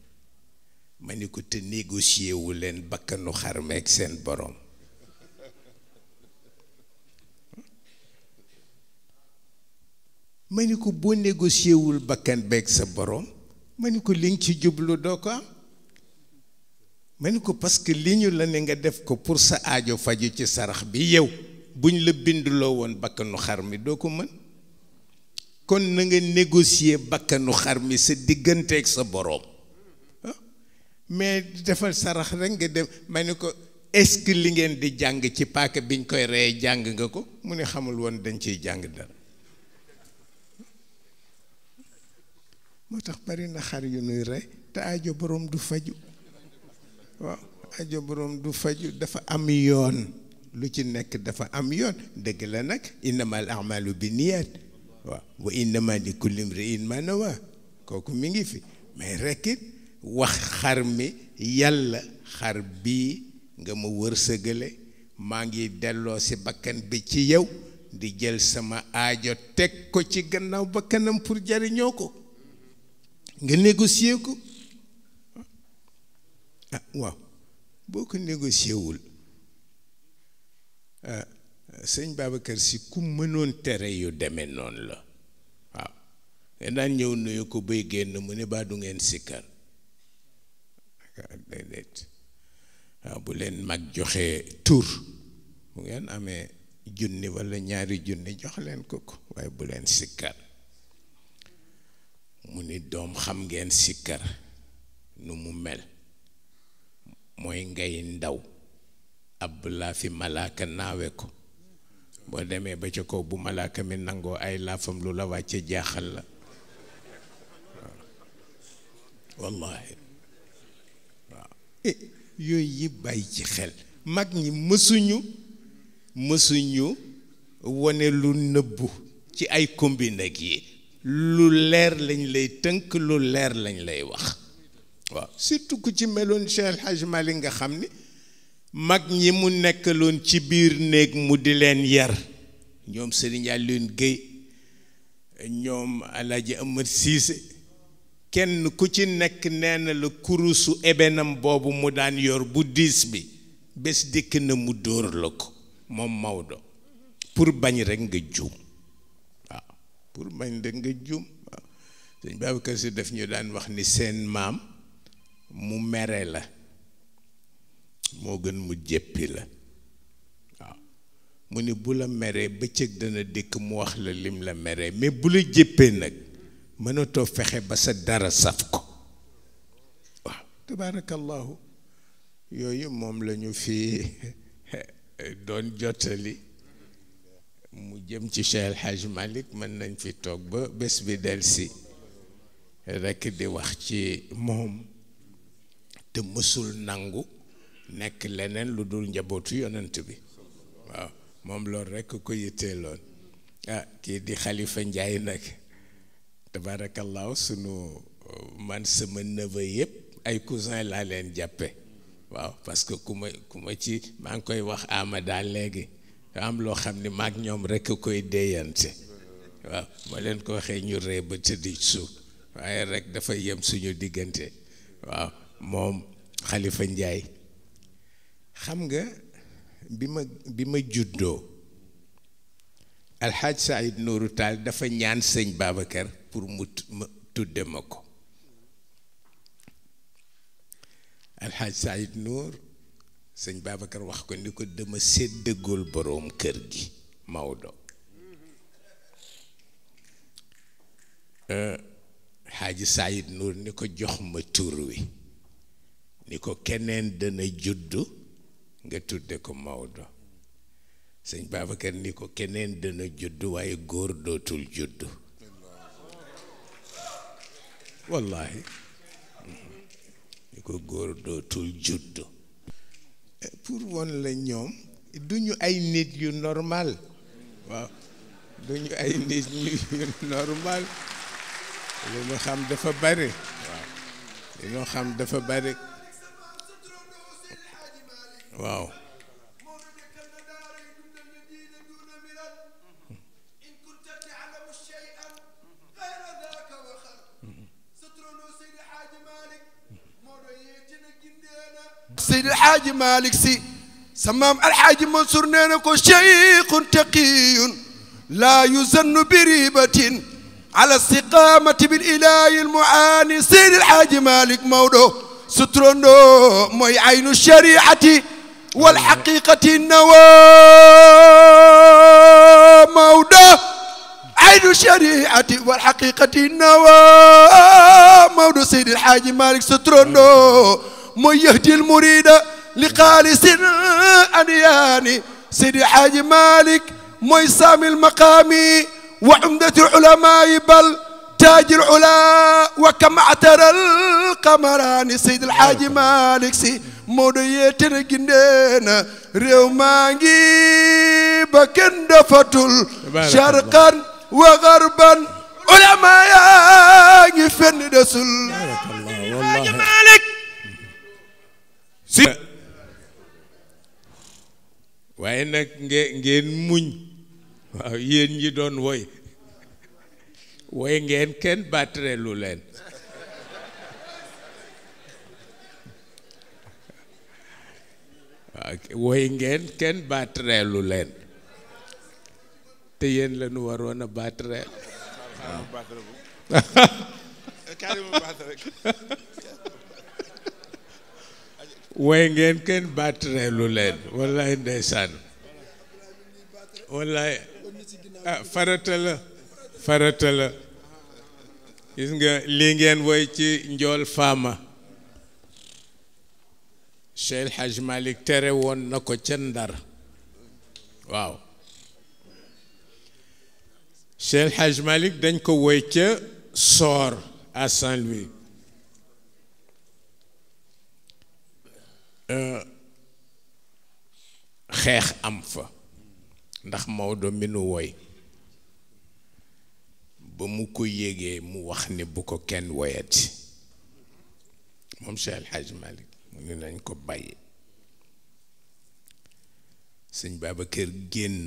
C: ma ni ko te négocier wu leen bakkanu xar meeg seen borom ma ni ko boo négocier wul bakkan beeg sa borom ma ni ko li nga ci jublu doo ko am ma ne ko parce que li ñu la ne nga def ko pour sa aajo faju ci sarax bi yow buñ la binduloo woon bakkanu xar mi doo ko mën kon na nga négocier bakkanu xar mi sa digganteeg sa borom ah, mais defal sarax rek nga dem ma ne ko est li ngeen di jàng ci paaka biñ koy reye jàng nga ko mu ne xamul woon dañ ciy jàng dara moo tax bari na xar yu nuy rey te ajo borom du faju waaw ajo boroom du faju dafa am yoon lu ci nekk dafa am yoon dëgg la nag innamal amalu bi niyaat waaw wa innama li kulli imri'in ma nawa kooku mi ngi fi mais rekkit wax xar mi yàlla xar bii nga ma wërsëgale maa ngi delloo si bakkan bi ci yow di jël sama aajo teg ko ci gannaaw bakkanam pour jariñoo ko nga négocier ko ah waaw boo ko négocié wul ah, sëñ Babacar si ku mënoon tere yu deme noonu la waaw nga daan ñëw nuyu ko bay génn mu ne baa du ngeen sikkar déedéet waaw ah, bu leen mag joxe tur bu ngeen amee junni walla ñaari junni jox leen ko ko waaye bu leen sikkar mu ni doom xam ngeen sikkar nu mu mel mooy ngay ndaw ab laa fi malaaka naawe ko boo demee ba ca kaw bu malaaka mi nangoo ay laafam lu la wàcce jaaxal la wallahi waaw yi eh, bàyyi ci xel mag ñi mësuñu mësuñu wone lu nëbbu ci ay combine ak yi lu leer lañ lay tënk lu leer lañ lay wax waaw surtout ku ci meloon Cheikh El Hadj nga xam ni mag ñi mu nekkaloon ci biir néeg mu di leen yar ñoom Serigne Alioune Guèye ñoom Alaaji Amar Siise kenn ku ci nekk nee na la kurusu ebenam boobu mu daan yor bu diis bi bés dikk na mu dóor la ko moom Maodo pour bañ rek nga juum waaw pour bañ rek nga juum waaw sëñ Babacar Si daf ñu daan wax ni seen maam mu mere la moo gën mu jéppi la waaw mu ni bu la meree bëccëg dana dikk mu wax la lim la meree mais bu la jéppee nag mënatoo fexe ba sa dara saf ko waaw tabaarakallahu yooyu moom lañu fi doon jottali mu jëm ci Cheikh El Hadj Malick mën nañ fi toog ba bés bi delsi rekk di wax ci moom te mësul nangu nekk leneen lu dul njabootu yonant bi waaw moom loolu rekk ko yitteeloon ah kii di xalifa njaay nag tabaarakallaahu suñu uh, man sama neveu yépp ay cousin laa leen jàppe waaw parce que ku ma ku ma ci maa ngi koy wax amada léegi am loo xam ni maag ñoom rekk koy déeyante waaw moo leen ko waxee ñu ree ba tëddi suuf waaye rekk dafa yem suñu diggante waaw moom Xalifa Njaay xam nga bi ma bi ma juddoo alxaaj Saïd Nuuru Taal dafa ñaan sëñ Babacar pour mu tudde ma ko alxaaj Saïd Nuur sëñ Babacar wax ko ni ko dama séddagul boroom kër gi Maodo xaaji euh, Saïd Nuur ni ko jox ma tur wi ni ko keneen dana juddu nga tudde ko Maodo sëñ Babacar ni ko keneen dana juddu waaye góor dootul juddu wallahi ni ko góor dootul juddu pour woon la ñoom duñu ay nit yu normal waaw duñu ay nit yu normal li ñu xam dafa bari waaw li ñu xam dafa bari
D: واو سيد الحاج مالك سي سمام الحاج منصور نينكو شيخ تقي لا يزن بريبة على استقامة بالإله المعاني سيد الحاج مالك مودو سترونو موي عين الشريعة والحقيقة النوى مودة عين الشريعة والحقيقة النوى مودة سيد الحاج مالك سترونو من يهدي المريد لخالص أنياني سيد الحاج مالك موي سامي المقامي وعمدة العلماء بل تاج العلا وكم اعترى القمران سيد الحاج نعم. مالك سي Maodo yeete na gindee na réew maa ngi ba kenn dofatul sharqan wa garban ulama ngi fenn desul Alaaji
C: Malik ngeen muñ waaw yéen ñi doon woy woy ngeen kenn battre lu leen woy ngeen kenn baatreelu leen te yéen la ñu waroon a baatreel woy ngeen kenn baatreelu leen wallaay ndeysaan wallaay ah farata la farata la gis nga lii ngeen woy ci njool faama Cheikh El Hadj Malick tere woon na ko ca Ndar waaw Cheikh El Hadj Malick dañ ko woy ca Sor à Saint-Louis xeex am fa ndax Maodo mi nu woy ba mu ko yégee mu wax ni bu ko kenn woyati moom Cheikh El Hadj Malick mu nañ ko bàyyi sëñ Babacar génn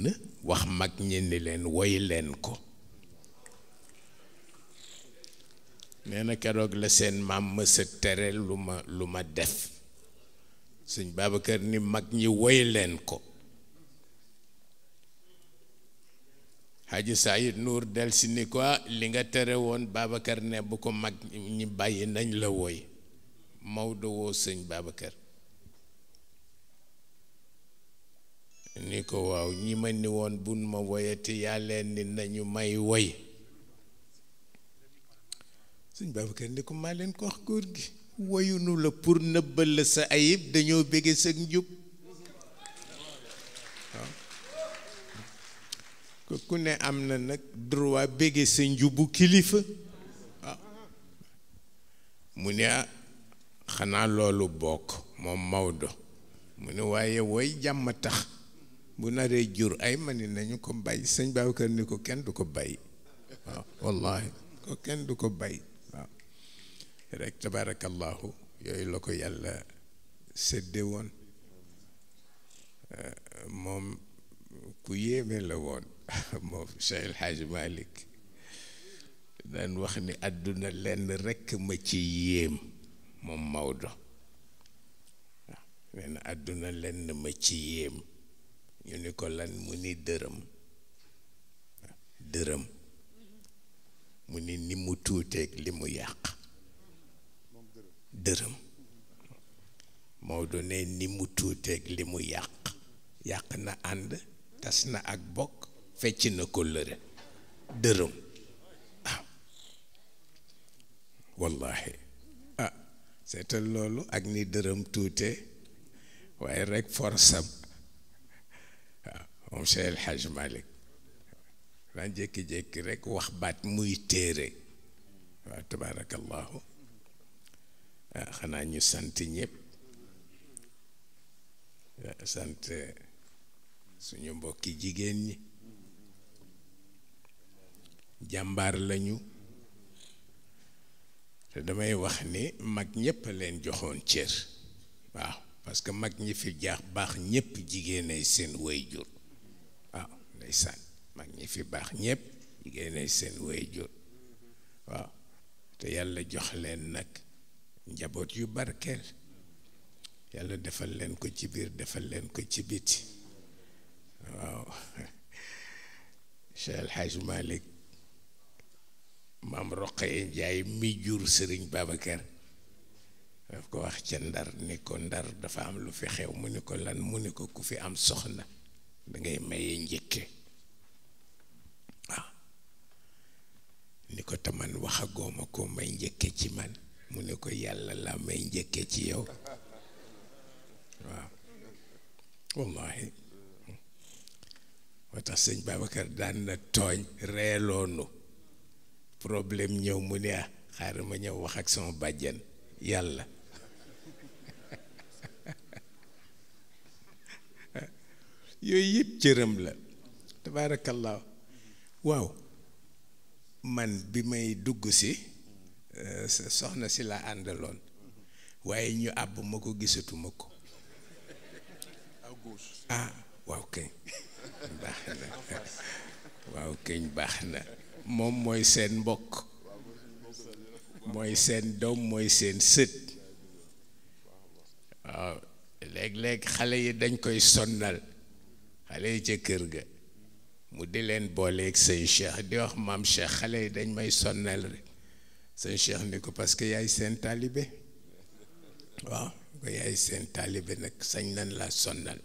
C: wax mag ñenn leen woy leen ko nee keroog la seen maam mësa tere lu ma lu ma def sëñ Babacar ni mag ñi woy leen ko Haji Sayid Nuur del si ni ko ah, li nga tere woon Babacar ne bu ko mag ñi bàyyi nañ la woy Maodo woo sëñ Babacar ni ko waaw ñi ma ni woon buñ ma woyati yàlla ni nañu may woy sëñ Babacar ni ko maa leen ko wax góor gi woyunu la pour nëbbal la sa ayib dañoo bége sa njub waaw ku ne am na nag droit bége sa njubu kilifa mu ne ah, xana loolu bok mom mawdo mu waye way jam tax bu nare jur ay mani nañu ko bay sëñ Babacar ni ko ken du ko bay wallahi ko ken du ko bay rek tabarakallah yoy lako yàlla sédde won mom ku yeme la won moom Cheikh El Hadj Malick daan wax ni àdduna lenn rekk ma ci yéem moom Maodo waaw nee na àdduna lenn ma ci ñu ni ko lan mu ni dërëm mu ni ni mu li mu yàq ne ni mu tuuteeg li mu yàq yàq na ànd tas na ak bokk fecc na ko lëre dërëm waaw seetal loolu ak ni dërëm tuute waaye rek forsam waaw moom Cheikh El Hadj Malick daan jékki-jékki wax baat muy téere waaw tabarakallahu waaw xanaa ñu sant ñëpp sant suñu mbokki jigéen ñi jàmbaar lañu te damay wax ni mag ñépp leen joxoon cër waaw parce que mag ñi fi jaax baax ñépp jigéenay seen waajur waaw ndeysaan mag ñi fi baax ñépp jigéenay seen waajur waaw te yàlla jox leen nag njaboot yu barkeel yàlla defal leen ko ci biir defal leen ko ci biti waaw Cheikh El Hadj maam Roqaya Njaay mi jur sëriñ Babacar daf ko wax ca ndar ni ko ndar dafa am lu fi xew mu ni ko lan mu ni ko ku fi am soxna dangay maye njëkke waaw ni ko taman waxagooma ko may njëkke ci man mu ni ko yàlla la may njëkke ci yow waaw wallahi moo tax sëñ Babacar daan na tooñ reeloonu problème ñëw mu ne ah xaaral ma ñëw wax ak sama bàjjen yàlla yooyu yëpp cëram la tabaarakallaa waaw man bi may dugg si euh, soxna si la àndaloon waaye ñu àbb ma ko gisatuma ko ah, waaw kañ baax na waaw kañ baax na moom mooy seen mbokk mooy seen doom mooy seen sët waaw léeg-léeg xale yi dañ koy sonnal xale yi ca kër ga mu di leen booleeg sëñ Cheikh di wax maam Cheikh xale yi dañ may sonnal rek sëñ Cheikh ni ko parce que yaay seen taalibe waaw ko yaay seen taalibe nag sañ nan laa sonnal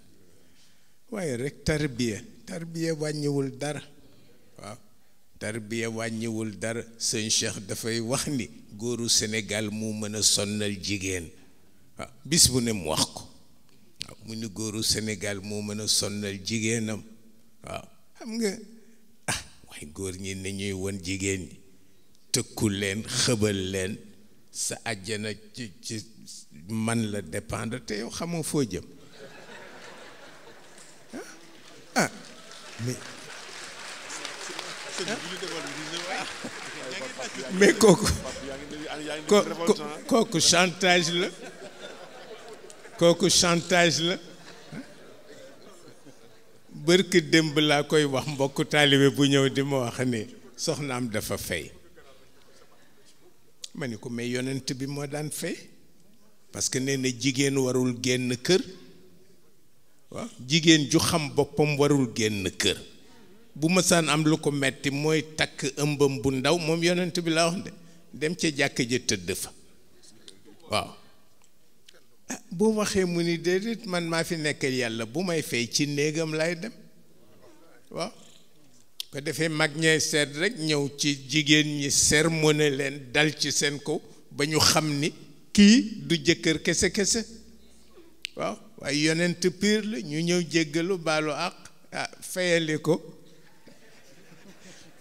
C: waaye rek tarbiya tarbiya wàññiwul dara tarbiya wàññiwul dara sëñ Cheikh dafay wax ni góoru Sénégal mu mën a sonnal jigéen waaw ah, bis bu ne mu wax ko waaw ah, mu ni góoru Sénégal moo mën a sonnal jigéenam waaw ah, xam nga ah waaye góor ñi ni ñuy won jigéen ñi tëkku leen xëbal leen sa àjjana ci ci man la dépendre te yow xamoo foo jëm mais kooku kooku chantage la kooku chantage la bërki démb laa koy wax mbokk taalibe bu ñëw di ma wax ni soxnaam dafa fay ma ni ko may bi moo daan fay parce que nee jigéen warul génn kër jigéen ju xam boppam warul génn kër bu mësaan am lu ko metti mooy takk ëmbam bu ndaw moom yonent bi laa wax de dem ca jàkk ja tëdd fa waaw ah, boo waxee mu ni déedéet man maa fi nekk yàlla bu may fay ci néegam lay dem waaw ko defee mag ñee seet rek ñëw ci jigéen ñi sermoné leen dal ci seen ko ba ñu xam ni kii du jëkkër kese kese waaw waaye yonent piir la ñu ñëw jéggalu baalu àq ah ko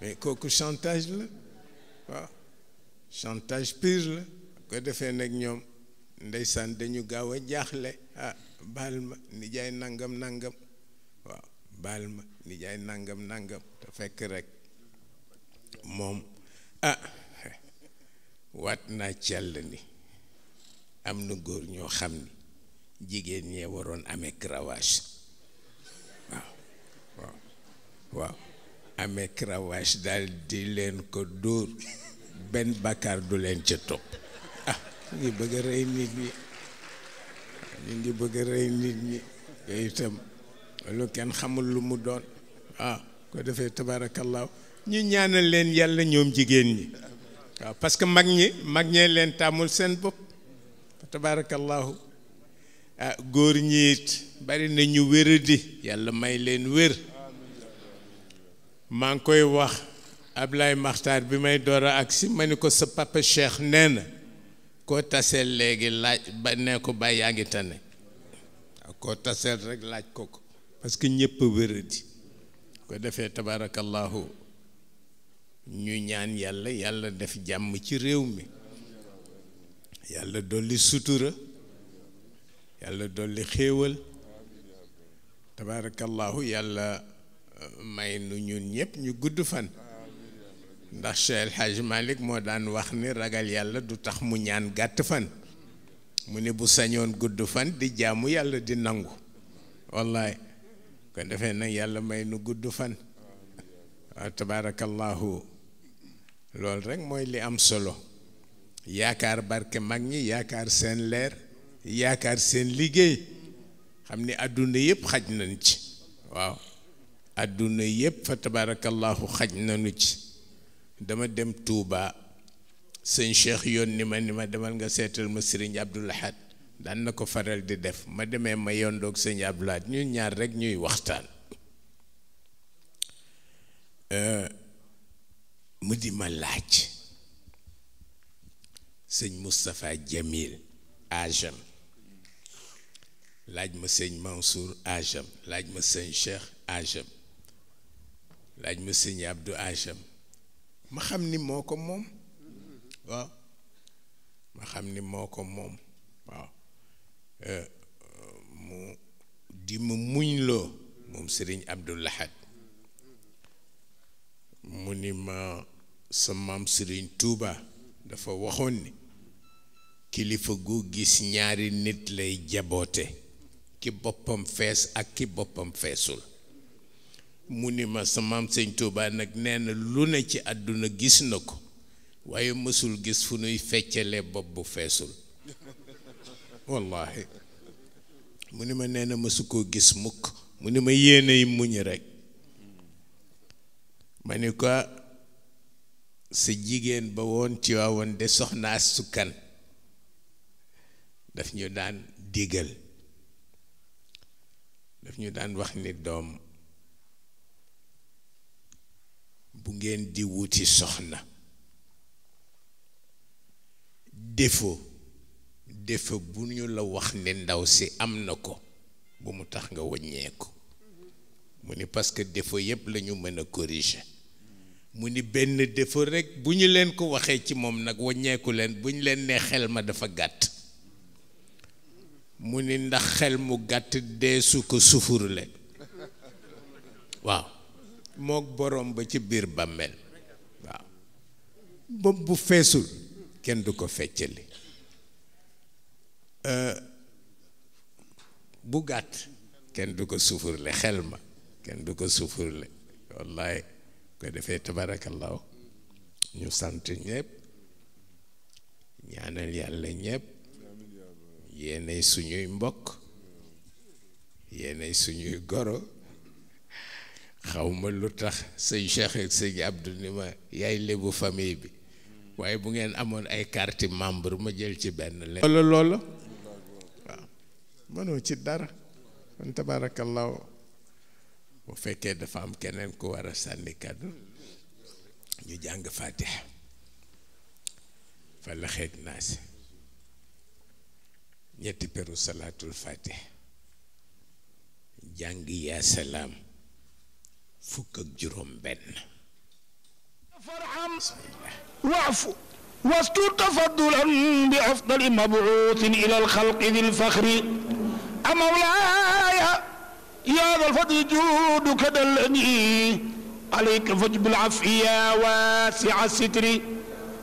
C: mais kooku chantage la waaw chantage pire la ko defee nag ñoom ndeysaan dañu gaaw a jaaxle ah baal ma nijaay nangam nangam waaw baal ma nijaay nangam nangam te fekk rek moom ah waat naa ci ni am na góor ñoo xam ni jigéen ñee waroon amee cravage waaw waaw amee krawaas dal di leen ko dóor benn bàkkaar du leen ca topp ah ñu ngi bëgg a rey nit ñi ñu ngi bëgg a rey nit ñi yooyu itam loolu kenn xamul lu mu doon waaw ah, ko defee tabaarakallaahu ñu ñaanal leen yàlla ñoom jigéen ñi waaw ah, parce que mag ñi mag ñee leen tàmmul seen bopp tabaarakallaahu ah góor ñi bari na ñu wéradi yàlla may leen wér maa ngi koy wax Ablaye Makhtar bi may door a agsi ma ni ko sa papa Cheikh nee koo taseel léegi laaj ba nee ko bàyyi yaa ngi tane waaw koo taseel rekk laaj ko ko parce que ñëpp wéradi ko defee tabarakallahu ñu ñaan yàlla yàlla def jàmm ci réew mi yàlla dolli sutura yàlla dolli xéewal tabarakallahu yàlla may nu ñun ñëpp ñu gudd fan ndax Cheikh El Hadj moo daan wax ni ragal yàlla du tax mu ñaan gàtt fan mu ne bu sañoon gudd fan di jaamu yàlla di nangu wallaay kon defe na yàlla may nu gudd fan waaw tabaarakallahu loolu rek mooy li am solo yaakaar barke mag ñi yaakaar seen leer yaakaar seen liggéey xam ni àdduna yëpp xaj nañ ci waaw àdduna yépp fa tabarakallahu xaj nanu ci dama dem Touba sëñ Cheikh yónni ma ni ma demal nga seetal ma sëriñ Abdoul Ahad daan na ko faral di def ma demee ma yondoog sëñ Abdoul Ahad ñun ñaar rek ñuy waxtaan mu di ma laaj sëñ Moustapha Jamil agem laaj ma sëñ Mansour agem laaj ma sëñ Cheikh agem laaj ma sëñ Abdou Hacham ma xam ni moo ko moom waaw ma xam ni moo ko moom waaw euh, mu di ma muñ moom sëriñ Abdou Lahad mu ni ma sa maam sëriñ tuubaa dafa waxoon ni kilifa gu gis ñaari nit lay jaboote ki boppam fees ak ki boppam feesul mu ni ma sa maam sëñ Tuubaa nag nee lu ne ci àdduna gis na ko waaye mësul gis fu nuy feccalee bopp bu feesul wallaahi mu ni ma nee mësu koo gis mukk mu ma yéenay muñ rekk ma ni ko sa jigéen ba woon ci waawoon de soxnaa sukkan daf ñu daan digal daf ñu daan wax ni doom bu ngeen di wuti soxna défo défaut bu ñu la wax ne ndaw si am na ko bu mu tax nga wàññeeku mu ni parce que défaut yépp lañu mën a corriger mu ni benn défaut rekk bu ñu leen ko waxee ci moom nag wàññeeku leen bu ñu leen nee xel ma dafa gàtt mu ni ndax xel mu gàtt dee su ko sufurle waaw mook borom ba ci biir bàmmeel waaw bopp bu feesul kenn du ko feccali euh, bu gàtt kenn du ko sufurle xel ma kenn du ko sufurle wallaay ko defee tabarakallahu ñu sant ñëpp ñaanal yàlla ñëpp yéenay suñuy mbokk yéenay suñuy goro xaw ma lu tax sëñ Cheikh ak sëñ Abdou ni ma yaay lébu famille bi waaye bu ngeen amoon ay carte membre ma jël ci benn leen loola loola mënoo ci dara kon tabaarakallaahu bu fekkee dafa am keneen ko war a sànni kàddu ñu jàng fatiha fa la naa si ñetti peru salaatul fatiha jàng yaa salaam fukk ak juróom benn
A: farxam waafu wastur tafaddulan bi afdali mabuutin ila alxalqi di lfaxri a mawlaaya yaa dal fadli juuduka dallani عليك فجب العافية واسع الستر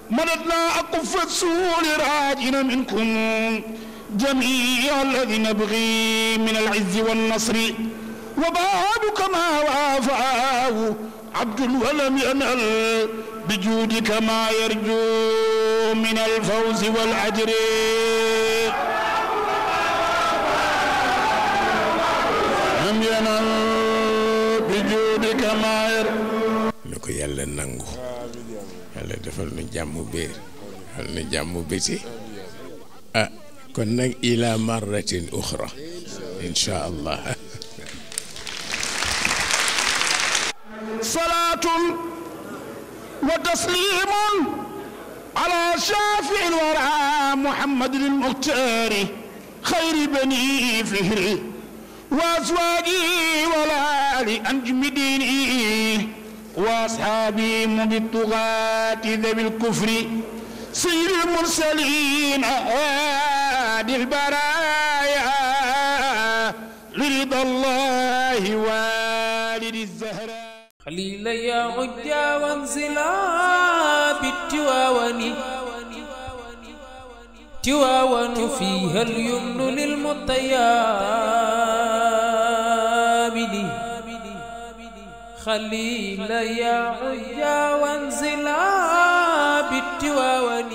A: مددنا أكف السول راجنا منكم جميع الذي نبغي من العز والنصر وباب كما وافاه عبد ولم ينل بجودك ما يرجو من الفوز والأجر لم ينل بجودك ما يرجو
C: nu ko yàlla nangu yàlla defal nu jàmm biir defal nu jàmm biti ah kon nag ila marratin uxra incha allah
A: صلاة وتسليم على شافع الورى محمد المختار خير بني فهر وأزواجي ولال أنجم ديني وأصحابي من الطغاة ذوي الكفر سير المرسلين هادي البرايا لرضا الله والد الزهراء خليل يا عجا وانزلا بالتواون تواون فيها اليمن للمطيامن خليل يا عجا وانزلا بالتواون